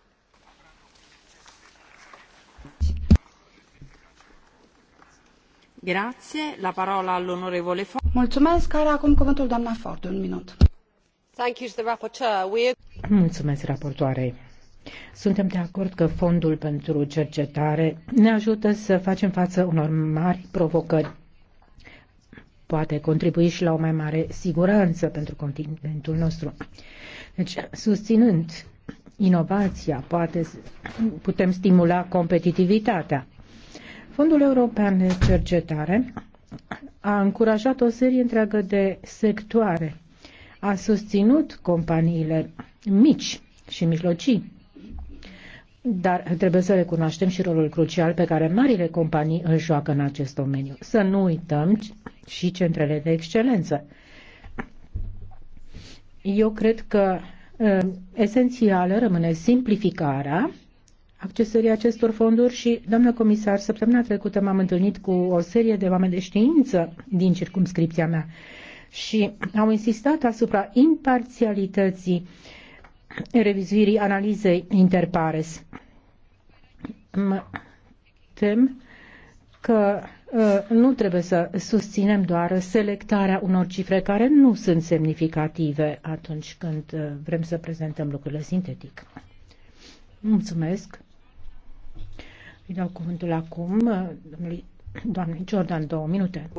Grazie. La parola Un minut. Thank you rapporteur. Suntem de acord că Fondul pentru Cercetare ne ajută să facem față unor mari provocări. Poate contribui și la o mai mare siguranță pentru continentul nostru. Deci, susținând inovația, poate putem stimula competitivitatea. Fondul European de Cercetare a încurajat o serie întreagă de sectoare, a susținut companiile mici și mijlocii, dar trebuie să recunoaștem și rolul crucial pe care marile companii îl joacă în acest domeniu. Să nu uităm și centrele de excelență. Eu cred că uh, esențială rămâne simplificarea accesării acestor fonduri și, doamnă comisar, săptămâna trecută m-am întâlnit cu o serie de oameni de știință din circumscripția mea și au insistat asupra imparțialității revizuirii analizei interpares. Mă tem că ă, nu trebuie să susținem doar selectarea unor cifre care nu sunt semnificative atunci când ă, vrem să prezentăm lucrurile sintetic. Mulțumesc. Îi dau cuvântul acum uh, domnului doamnei Jordan, două minute.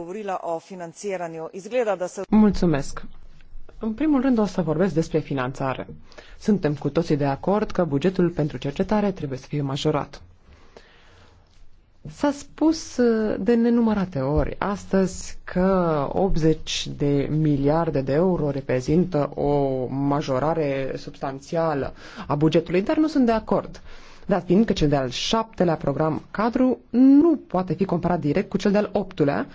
Da Mulțumesc. În primul rând o să vorbesc despre finanțare. Suntem cu toții de acord că bugetul pentru cercetare trebuie să fie majorat. S-a spus uh, de nenumărate ori astăzi că 80 de miliarde de euro reprezintă o majorare substanțială a bugetului, dar nu sunt de acord. Uh, dat fiind că cel de-al șaptelea program cadru nu poate fi comparat direct cu cel de-al optulea,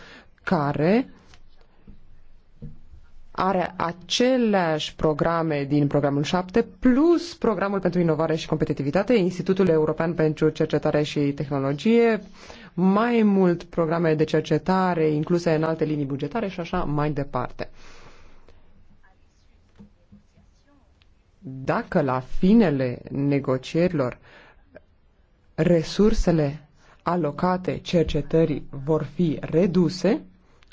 care are aceleași programe din programul 7 plus programul pentru inovare și competitivitate, Institutul European pentru Cercetare și Tehnologie, mai mult programe de cercetare incluse în alte linii bugetare și așa mai departe. Dacă la finele negocierilor uh, resursele alocate cercetării vor fi reduse,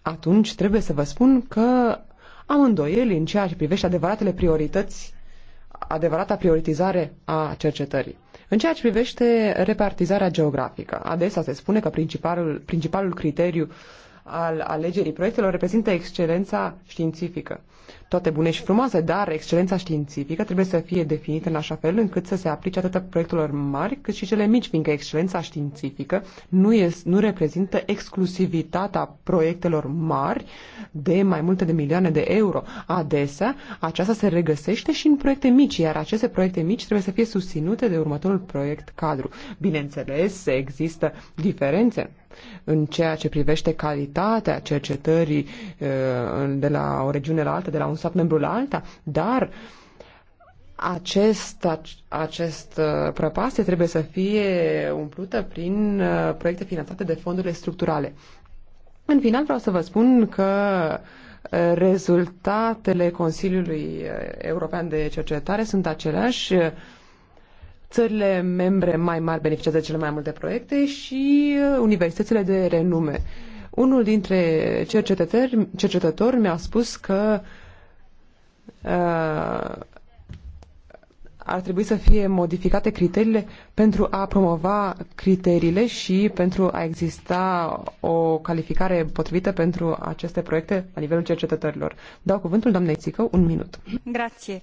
atunci trebuie să vă spun că am îndoieli în ceea ce privește adevăratele priorități, adevărata prioritizare a cercetării. În ceea ce privește repartizarea geografică, adesea se spune că principalul, principalul criteriu uh, al alegerii proiectelor reprezintă excelența științifică. Toate bune și frumoase, dar excelența științifică trebuie să fie definită în așa fel încât să se aplice atât proiectelor mari cât și cele mici, fiindcă excelența științifică nu, este, nu reprezintă exclusivitatea proiectelor mari de mai multe de milioane de euro. Adesea, aceasta se regăsește și în proiecte mici, iar aceste proiecte mici trebuie să fie susținute de următorul proiect cadru. Bineînțeles, există diferențe în ceea ce privește calitatea cercetării uh, de la o regiune la alta, de la un stat membru la alta, dar acest, acest uh, prăpaste trebuie să fie umplută prin uh, proiecte finanțate de fondurile structurale. În final vreau să vă spun că rezultatele Consiliului European de Cercetare sunt aceleași țările membre mai mari beneficiază cele mai multe proiecte și uh, universitățile de renume. Unul dintre cercetători, cercetători mi-a spus că uh, ar trebui să fie modificate criteriile pentru a promova criteriile și pentru a exista o calificare potrivită pentru aceste proiecte la nivelul cercetătorilor. Dau cuvântul doamnei Țică, un minut. Grație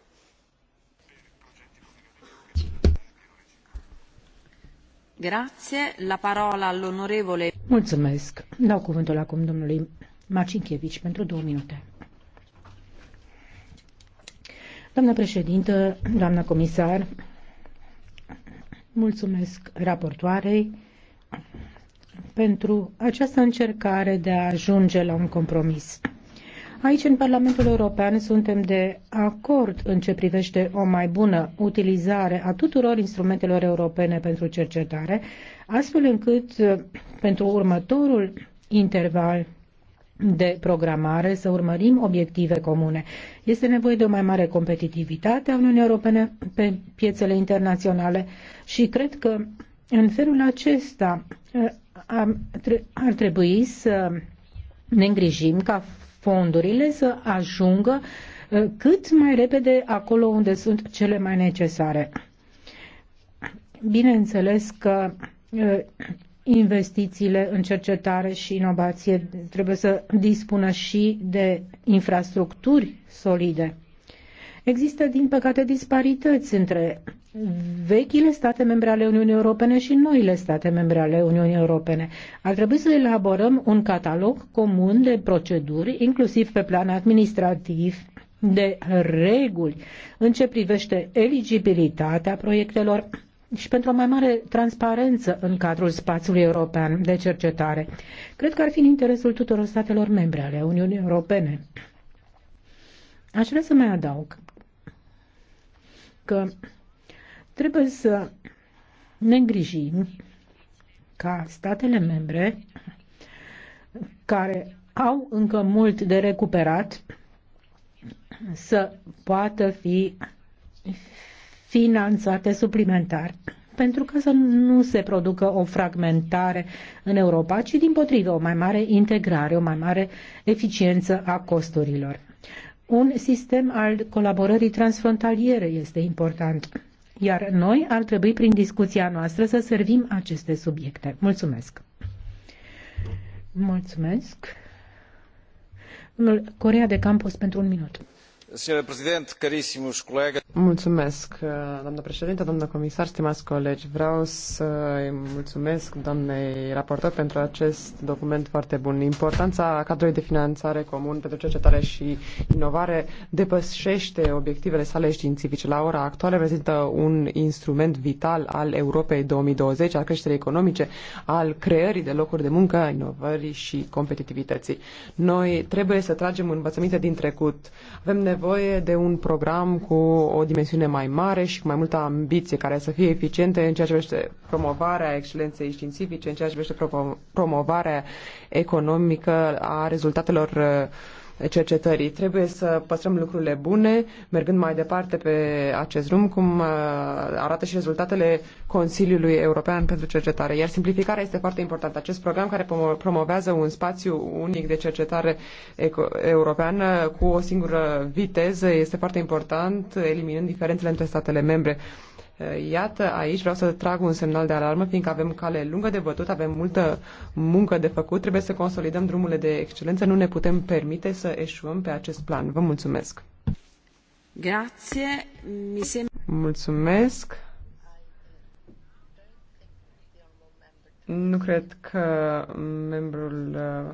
Grazie. La parola all'onorevole. Mulțumesc. Dau cuvântul acum domnului Marcinchevici pentru două minute. Doamnă președintă, doamnă comisar, mulțumesc raportoarei pentru această încercare de a ajunge la un compromis. Aici, în Parlamentul European, suntem de acord în ce privește o mai bună utilizare a tuturor instrumentelor europene pentru cercetare, astfel încât uh, pentru următorul interval de programare să urmărim obiective comune. Este nevoie de o mai mare competitivitate a Uniunii Europene pe piețele internaționale și cred că în felul acesta uh, ar trebui să ne îngrijim ca fondurile să ajungă uh, cât mai repede acolo unde sunt cele mai necesare. Bineînțeles că uh, investițiile în cercetare și inovație trebuie să dispună și de infrastructuri solide. Există, din păcate, disparități între vechile state membre ale Uniunii Europene și noile state membre ale Uniunii Europene. Ar trebui să elaborăm un catalog comun de proceduri, inclusiv pe plan administrativ, de reguli în ce privește eligibilitatea proiectelor și pentru o mai mare transparență în cadrul spațiului european de cercetare. Cred că ar fi în interesul tuturor statelor membre ale Uniunii Europene. Aș vrea să mai adaug că Trebuie să ne îngrijim ca statele membre care au încă mult de recuperat să poată fi finanțate suplimentar pentru ca să nu se producă o fragmentare în Europa, ci din potrivă o mai mare integrare, o mai mare eficiență a costurilor. Un sistem al colaborării transfrontaliere este important iar noi ar trebui prin discuția noastră să servim aceste subiecte. Mulțumesc! Mulțumesc! Corea de Campos pentru un minut. Mulțumesc, uh, doamnă președinte, doamnă comisar, stimați colegi. Vreau să îi mulțumesc doamnei raportor pentru acest document foarte bun. Importanța cadrului de finanțare comun pentru cercetare și inovare depășește obiectivele sale științifice. La ora actuală reprezintă un instrument vital al Europei 2020, al creșterii economice, al creării de locuri de muncă, a inovării și competitivității. Noi trebuie să tragem învățăminte din trecut. Avem nevoie nevoie de un program cu o dimensiune mai mare și cu mai multă ambiție, care să fie eficiente în ceea ce privește promovarea excelenței științifice, în ceea ce privește promovarea economică a rezultatelor uh, cercetării. Trebuie să păstrăm lucrurile bune, mergând mai departe pe acest drum, cum uh, arată și rezultatele Consiliului European pentru Cercetare. Iar simplificarea este foarte importantă. Acest program care promovează un spațiu unic de cercetare europeană cu o singură viteză este foarte important, eliminând diferențele între statele membre. Eh, iată, aici vreau să trag un semnal de alarmă, fiindcă avem cale lungă de bătut, avem multă muncă de făcut, trebuie să consolidăm drumurile de excelență, nu ne putem permite să eșuăm pe acest plan. Vă mulțumesc! Grazie, mi se... Mulțumesc! Nu cred că membrul eh,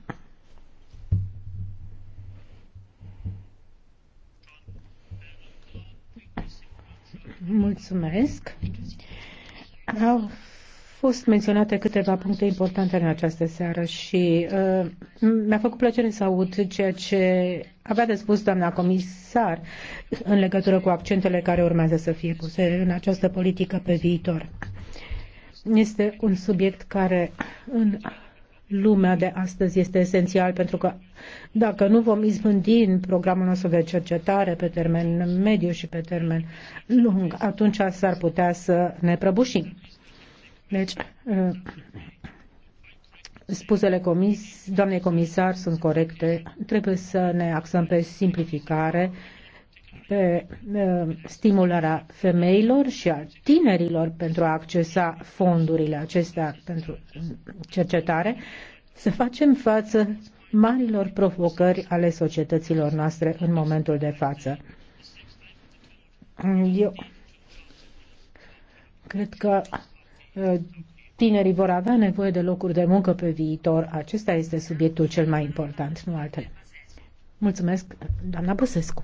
Mulțumesc. Au fost menționate câteva puncte importante în această seară și uh, mi-a făcut plăcere să aud ceea ce avea de spus doamna comisar în legătură cu accentele care urmează să fie puse în această politică pe viitor. Este un subiect care în lumea de astăzi este esențial pentru că dacă nu vom izbândi în programul nostru de cercetare pe termen mediu și pe termen lung, atunci s-ar putea să ne prăbușim. Deci, uh, spusele comis, doamnei comisar sunt corecte. Trebuie să ne axăm pe simplificare pe uh, stimularea femeilor și a tinerilor pentru a accesa fondurile acestea pentru uh, cercetare, să facem față marilor provocări ale societăților noastre în momentul de față. Eu cred că uh, tinerii vor avea nevoie de locuri de muncă pe viitor. Acesta este subiectul cel mai important, nu altele. Mulțumesc, doamna Băsescu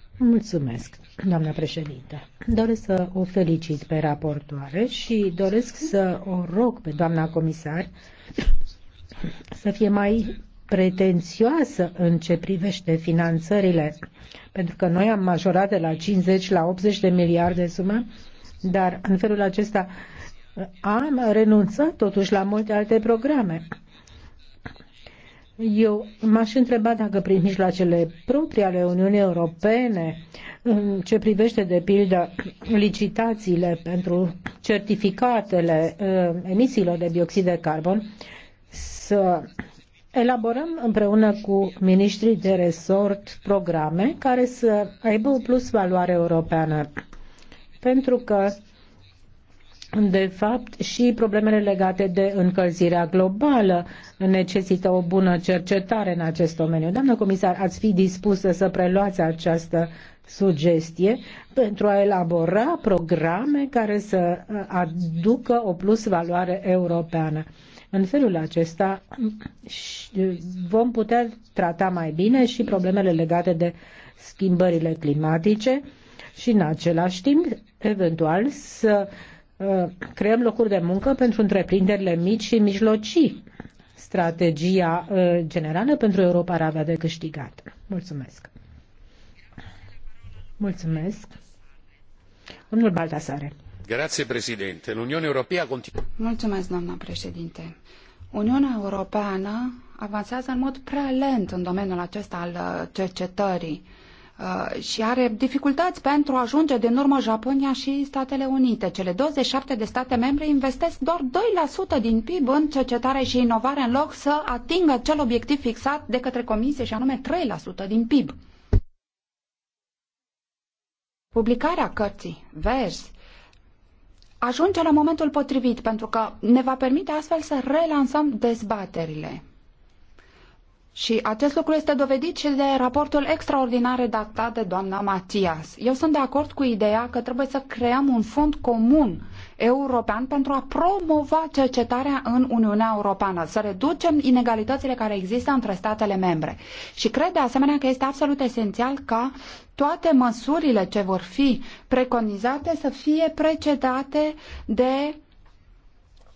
Mulțumesc, doamna președinte. Doresc să o felicit pe raportoare și doresc să o rog pe doamna comisar să fie mai pretențioasă în ce privește finanțările, pentru că noi am majorat de la 50 la 80 de miliarde sume, dar în felul acesta am renunțat totuși la multe alte programe. Eu m-aș întreba dacă prin mijloacele proprii ale Uniunii Europene, în ce privește de pildă licitațiile pentru certificatele uh, emisiilor de dioxid de carbon, să elaborăm împreună cu ministrii de resort programe care să aibă o plus valoare europeană. Pentru că de fapt, și problemele legate de încălzirea globală necesită o bună cercetare în acest domeniu. Doamnă comisar, ați fi dispusă să preluați această sugestie pentru a elabora programe care să aducă o plus valoare europeană. În felul acesta vom putea trata mai bine și problemele legate de schimbările climatice și în același timp, eventual, să uh, Uh, creăm locuri de muncă pentru întreprinderile mici și mijlocii. Strategia uh, generală pentru Europa ar avea de câștigat. Mulțumesc. Mulțumesc. Domnul Baltasare. Grazie, președinte. L'Unione Europea continuă. Mulțumesc, doamna președinte. Uniunea Europeană avansează în mod prea lent în domeniul acesta al uh, cercetării. Uh, și are dificultăți pentru a ajunge din urmă Japonia și Statele Unite. Cele 27 de state membre investesc doar 2% din PIB în cercetare și inovare în loc să atingă cel obiectiv fixat de către Comisie și anume 3% din PIB. Publicarea cărții verzi ajunge la momentul potrivit pentru că ne va permite astfel să relansăm dezbaterile. Și acest lucru este dovedit și de raportul extraordinar redactat de doamna Matias. Eu sunt de acord cu ideea că trebuie să creăm un fond comun european pentru a promova cercetarea în Uniunea Europeană, să reducem inegalitățile care există între statele membre. Și cred de asemenea că este absolut esențial ca toate măsurile ce vor fi preconizate să fie precedate de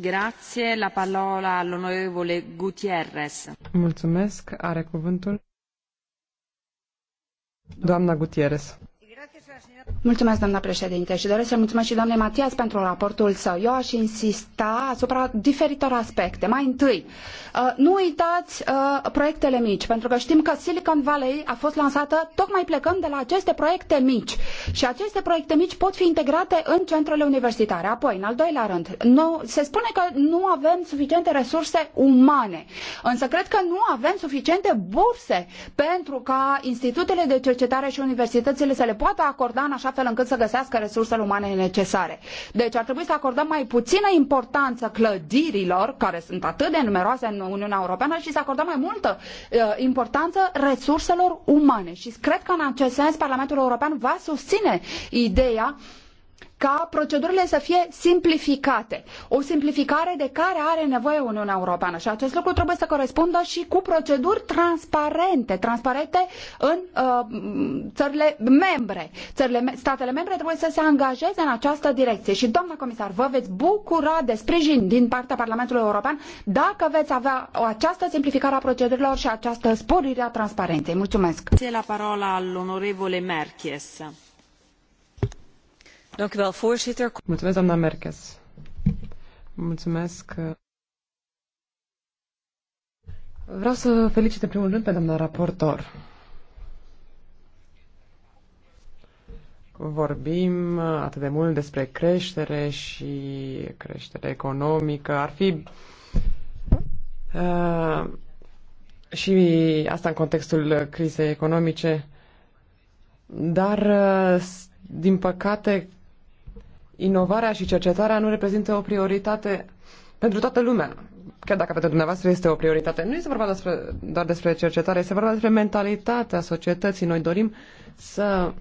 Grazie, la parola all'onorevole Gutierrez. Mulțumesc, are cuvântul. Gutierrez. Mulțumesc, doamna președinte, și doresc să mulțumesc și doamnei Matias pentru raportul său. Eu aș insista asupra diferitor aspecte. Mai întâi, uh, nu uitați uh, proiectele mici, pentru că știm că Silicon Valley a fost lansată tocmai plecând de la aceste proiecte mici. Și aceste proiecte mici pot fi integrate în centrele universitare. Apoi, în al doilea rând, nu, se spune că nu avem suficiente resurse umane, însă cred că nu avem suficiente burse pentru ca institutele de cercetare și universitățile să le poată acorda în așa fel încât să găsească resursele umane necesare. Deci ar trebui să acordăm mai puțină importanță clădirilor, care sunt atât de numeroase în Uniunea Europeană, și să acordăm mai multă uh, importanță resurselor umane. Și cred că în acest sens Parlamentul European va susține ideea uh, ca procedurile să fie simplificate. O simplificare de care are nevoie Uniunea Europeană și acest lucru trebuie să corespundă și cu proceduri transparente, transparente în uh, țările membre. Țările, statele membre trebuie să se angajeze în această direcție și, doamna comisar, vă veți bucura de sprijin din partea Parlamentului European dacă veți avea această simplificare a procedurilor și această sporire a transparenței. Mulțumesc! La parola all'onorevole Merkies. Mulțumesc, doamna Merkes. Mulțumesc. Vreau să felicit în primul rând pe doamna raportor. Vorbim atât de mult despre creștere și creștere economică. Ar fi uh, și asta în contextul crizei economice, dar uh, din păcate inovarea și cercetarea nu reprezintă o prioritate pentru toată lumea, chiar dacă pentru dumneavoastră este o prioritate. Nu este vorba despre, doar despre cercetare, este vorba despre mentalitatea societății. Noi dorim să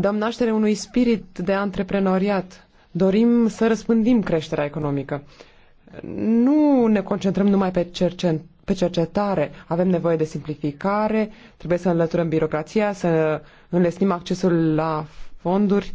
dăm naștere unui spirit de antreprenoriat. Dorim să răspândim creșterea economică. Nu ne concentrăm numai pe, cercen, pe cercetare. Avem nevoie de simplificare, trebuie să înlăturăm birocrația, să înlesnim accesul la fonduri,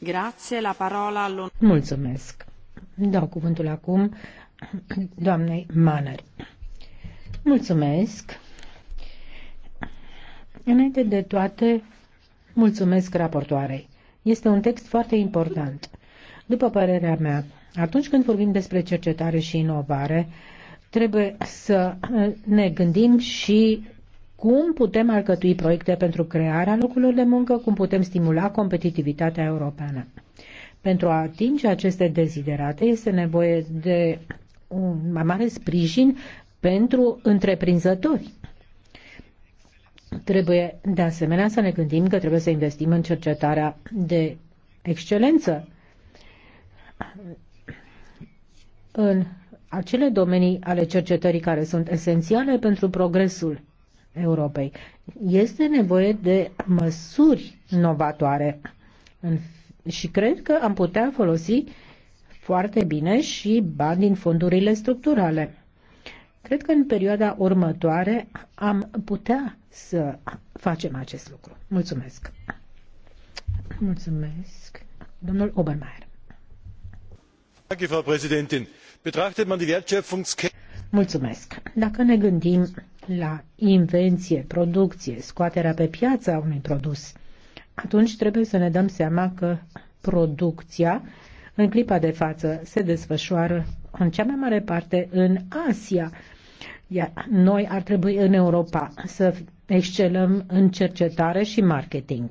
Grazie, la parola Mulțumesc. Dau cuvântul acum doamnei Manări. Mulțumesc. Înainte de toate, mulțumesc raportoarei. Este un text foarte important. După părerea mea, atunci când vorbim despre cercetare și inovare, trebuie să ne gândim și cum putem alcătui proiecte pentru crearea locurilor de muncă, cum putem stimula competitivitatea europeană. Pentru a atinge aceste deziderate este nevoie de un mai mare sprijin pentru întreprinzători. Trebuie de asemenea să ne gândim că trebuie să investim în cercetarea de excelență în acele domenii ale cercetării care sunt esențiale pentru progresul Europei. Este nevoie de măsuri novatoare și cred că am putea folosi foarte bine și bani din fondurile structurale. Cred că în perioada următoare am putea să facem acest lucru. Mulțumesc! Mulțumesc! Domnul Obermeier. Mulțumesc! Dacă ne gândim la invenție, producție, scoaterea pe piață a unui produs, atunci trebuie să ne dăm seama că producția în clipa de față se desfășoară în cea mai mare parte în Asia. Iar noi ar trebui în Europa să excelăm în cercetare și marketing.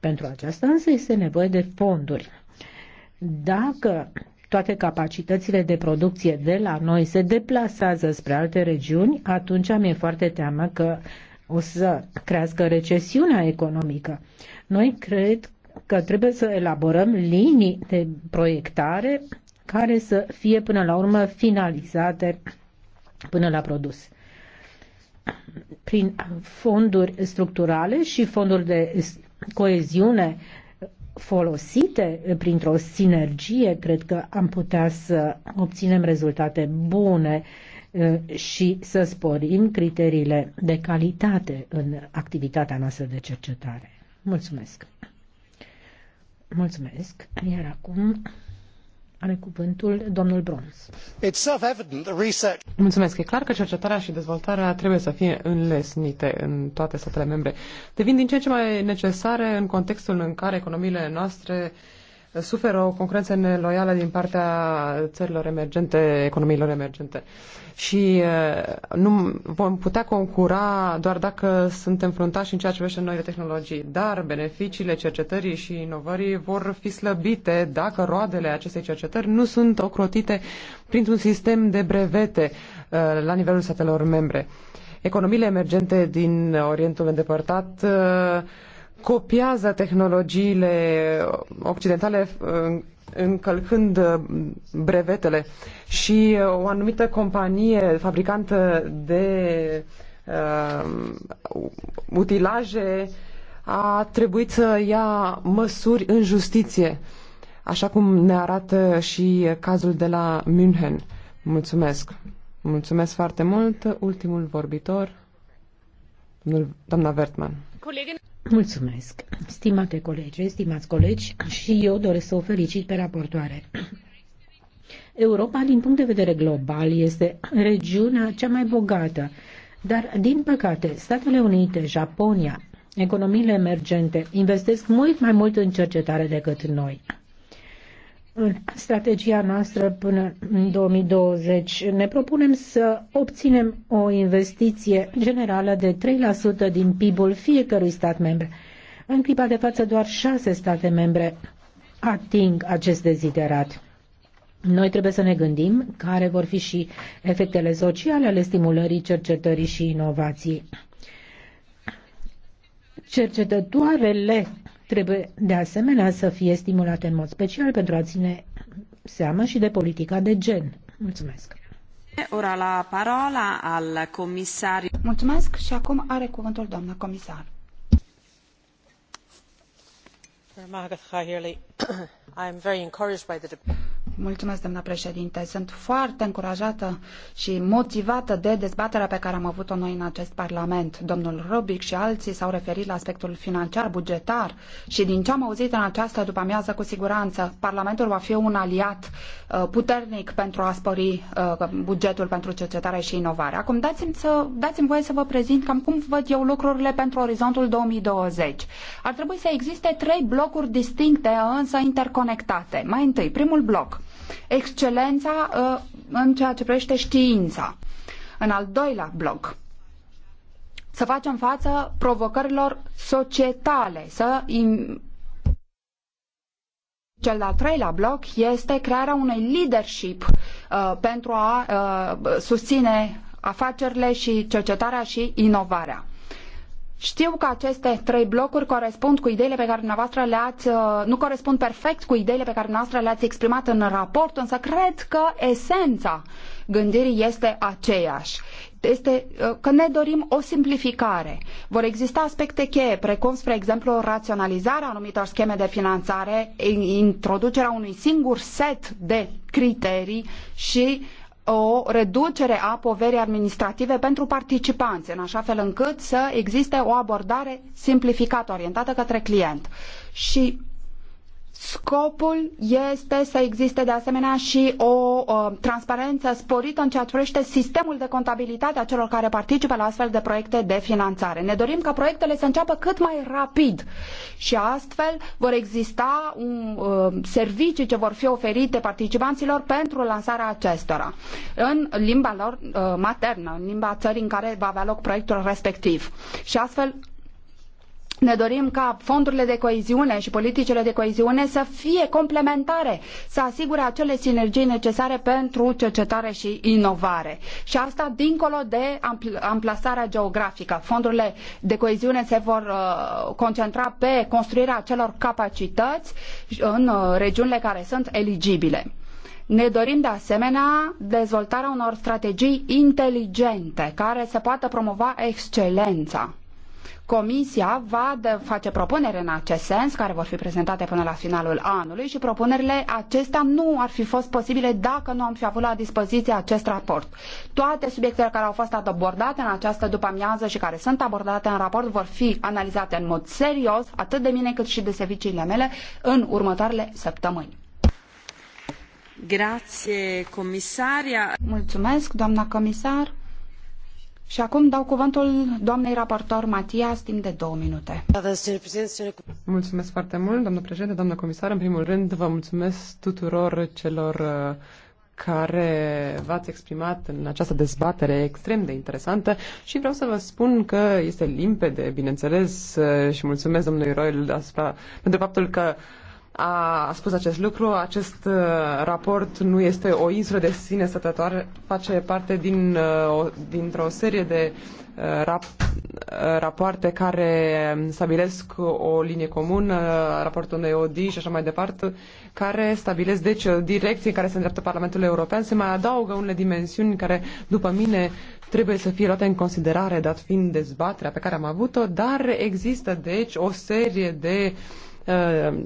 Pentru aceasta însă este nevoie de fonduri. Dacă toate capacitățile de producție de la noi se deplasează spre alte regiuni, atunci mi-e foarte teamă că o să crească recesiunea economică. Noi cred că trebuie să elaborăm linii de proiectare care să fie până la urmă finalizate până la produs. Prin fonduri structurale și fonduri de coeziune folosite printr-o sinergie, cred că am putea să obținem rezultate bune uh, și să sporim criteriile de calitate în activitatea noastră de cercetare. Mulțumesc! Mulțumesc! Iar acum are cuvântul domnul research... Mulțumesc. E clar că cercetarea și dezvoltarea trebuie să fie înlesnite în toate statele membre. Devin din ce în ce mai necesare în contextul în care economiile noastre uh, suferă o concurență neloială din partea țărilor emergente, economiilor emergente. Și uh, nu vom putea concura doar dacă suntem fruntași în ceea ce privește noile tehnologii, dar beneficiile cercetării și inovării vor fi slăbite dacă roadele acestei cercetări nu sunt ocrotite printr-un sistem de brevete uh, la nivelul statelor membre. Economiile emergente din Orientul îndepărtat uh, copiază tehnologiile occidentale uh, încălcând uh, brevetele și uh, o anumită companie fabricantă de uh, utilaje a trebuit să ia măsuri în justiție, așa cum ne arată și cazul de la München. Mulțumesc! Mulțumesc foarte mult! Ultimul vorbitor, doamna Vertman. Mulțumesc. Stimate colegi, stimați colegi, și eu doresc să o felicit pe raportoare. Europa, din punct de vedere global, este regiunea cea mai bogată, dar, din păcate, Statele Unite, Japonia, economiile emergente investesc mult mai mult în cercetare decât noi. În strategia noastră până în 2020 ne propunem să obținem o investiție generală de 3% din PIB-ul fiecărui stat membru. În clipa de față, doar șase state membre ating acest deziderat. Noi trebuie să ne gândim care vor fi și efectele sociale ale stimulării cercetării și inovației. Cercetătoarele Trebuie de asemenea să fie stimulate în mod special pentru a ține seama și de politica de gen. Mulțumesc. Ora la parola al comisariu. Mulțumesc și acum are cuvântul doamna comisar. (clears throat) I am very encouraged by the Mulțumesc, doamna președinte. Sunt foarte încurajată și motivată de dezbaterea pe care am avut-o noi în acest Parlament. Domnul Robic și alții s-au referit la aspectul financiar, bugetar și din ce am auzit în această după-amiază, cu siguranță, Parlamentul va fi un aliat uh, puternic pentru a spări uh, bugetul pentru cercetare și inovare. Acum dați-mi, să, dați-mi voie să vă prezint cam cum văd eu lucrurile pentru orizontul 2020. Ar trebui să existe trei blocuri distincte, însă interconectate. Mai întâi, primul bloc excelența uh, în ceea ce privește știința. În al doilea bloc, să facem față provocărilor societale, să cel de-al treilea bloc este crearea unei leadership uh, pentru a uh, susține afacerile și cercetarea și inovarea. Știu că aceste trei blocuri corespund cu ideile pe care dumneavoastră le-ați, uh, nu corespund perfect cu ideile pe care dumneavoastră le-ați exprimat în raport, însă cred că esența gândirii este aceeași. Este uh, că ne dorim o simplificare. Vor exista aspecte cheie, precum, spre exemplu, raționalizarea anumitor scheme de finanțare, introducerea unui singur set de criterii și o reducere a poverii administrative pentru participanți, în așa fel încât să existe o abordare simplificată, orientată către client. Și Scopul este să existe de asemenea și o, transparență sporită în ceea ce privește sistemul de contabilitate a celor care participă la astfel de proiecte de finanțare. Ne dorim ca proiectele să înceapă cât mai rapid și astfel vor exista un, uh, servicii ce vor fi oferite participanților pentru lansarea acestora în limba lor uh, maternă, în limba țării în care va avea loc proiectul respectiv. Și astfel ne dorim ca fondurile de coeziune și politicile de coeziune să fie complementare, să asigure acele sinergii necesare pentru cercetare și inovare. Și asta dincolo de amplasarea geografică. Fondurile de coeziune se vor uh, concentra pe construirea acelor capacități în uh, regiunile care sunt eligibile. Ne dorim de asemenea dezvoltarea unor strategii inteligente care să poată promova excelența Comisia va face propuneri în acest sens, care vor fi prezentate până la finalul anului și propunerile acestea nu ar fi fost posibile dacă nu am fi avut la dispoziție acest raport. Toate subiectele care au fost abordate în această după-amiază și care sunt abordate în raport vor fi analizate în mod serios, atât de mine cât și de serviciile mele, în următoarele săptămâni. Grazie, comisaria. Mulțumesc, doamna comisar. Și acum dau cuvântul doamnei raportor Matias timp de două minute. Mulțumesc foarte mult, doamnă președinte, doamnă comisar. În primul rând, vă mulțumesc tuturor celor uh, care v-ați exprimat în această dezbatere extrem de interesantă și vreau să vă spun că este limpede, bineînțeles, uh, și mulțumesc domnului Royal asupra, pentru faptul că uh, a spus acest lucru. Acest uh, raport nu este o insulă de sine stătătoare, face parte din, uh, dintr-o serie de uh, rap- rapoarte care stabilesc o linie comună, raportul NEOD și așa mai departe, care stabilesc deci o direcție în care se îndreaptă Parlamentul European. Se mai adaugă unele dimensiuni care, după mine, trebuie să fie luate în considerare, dat fiind dezbaterea pe care am avut-o, dar există deci o serie de uh,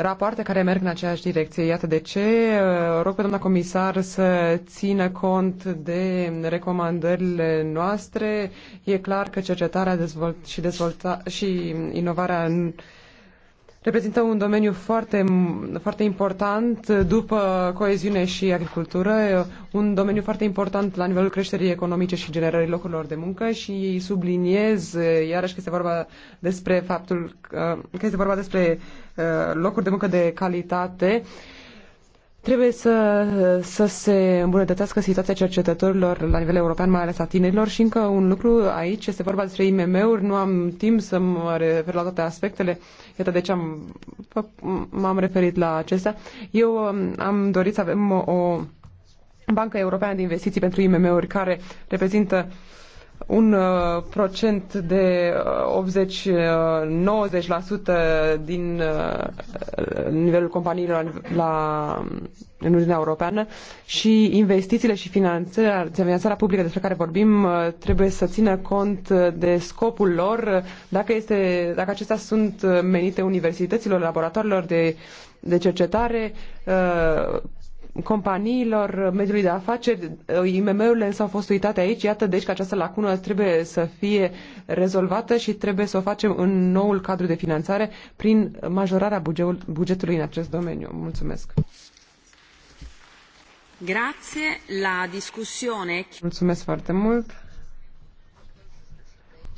rapoarte care merg în aceeași direcție. Iată de ce uh, rog pe doamna comisar să țină cont de recomandările noastre. E clar că cercetarea dezvolt și, dezvolta și inovarea reprezintă un domeniu foarte, foarte important după coeziune și agricultură, un domeniu foarte important la nivelul creșterii economice și generării locurilor de muncă și subliniez iarăși că este vorba despre faptul că, este vorba despre uh, locuri de muncă de calitate Trebuie să, să se îmbunătățească situația cercetătorilor la nivel european, mai ales a tinerilor și încă un lucru aici, este vorba despre IMM-uri, nu am timp să mă refer la toate aspectele, iată de ce am, m-am referit la acestea. Eu um, am dorit să avem o, o Bancă Europeană de Investiții pentru IMM-uri care reprezintă uh, un uh, procent de uh, 80-90% uh, din uh, nivelul companiilor la, la, în Uniunea Europeană și investițiile și finanțarea, finanțarea publică despre care vorbim uh, trebuie să țină cont uh, de scopul lor, dacă, este, dacă acestea sunt uh, menite universităților, laboratoarelor de, de cercetare, uh, companiilor, mediului de afaceri, IMM-urile însă au fost uitate aici. Iată deci că această lacună trebuie să fie rezolvată și trebuie să o facem în noul cadru de finanțare prin majorarea bugetului în acest domeniu. Mulțumesc! Grazie, la discussione. Mulțumesc foarte mult!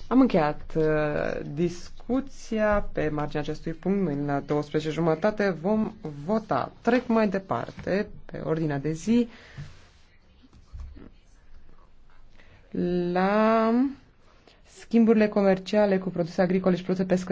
Am încheiat uh, discuția discuția pe marginea acestui punct. în la 12 jumătate vom vota. Trec mai departe pe ordinea de zi la schimburile comerciale cu produse agricole și produse pescărești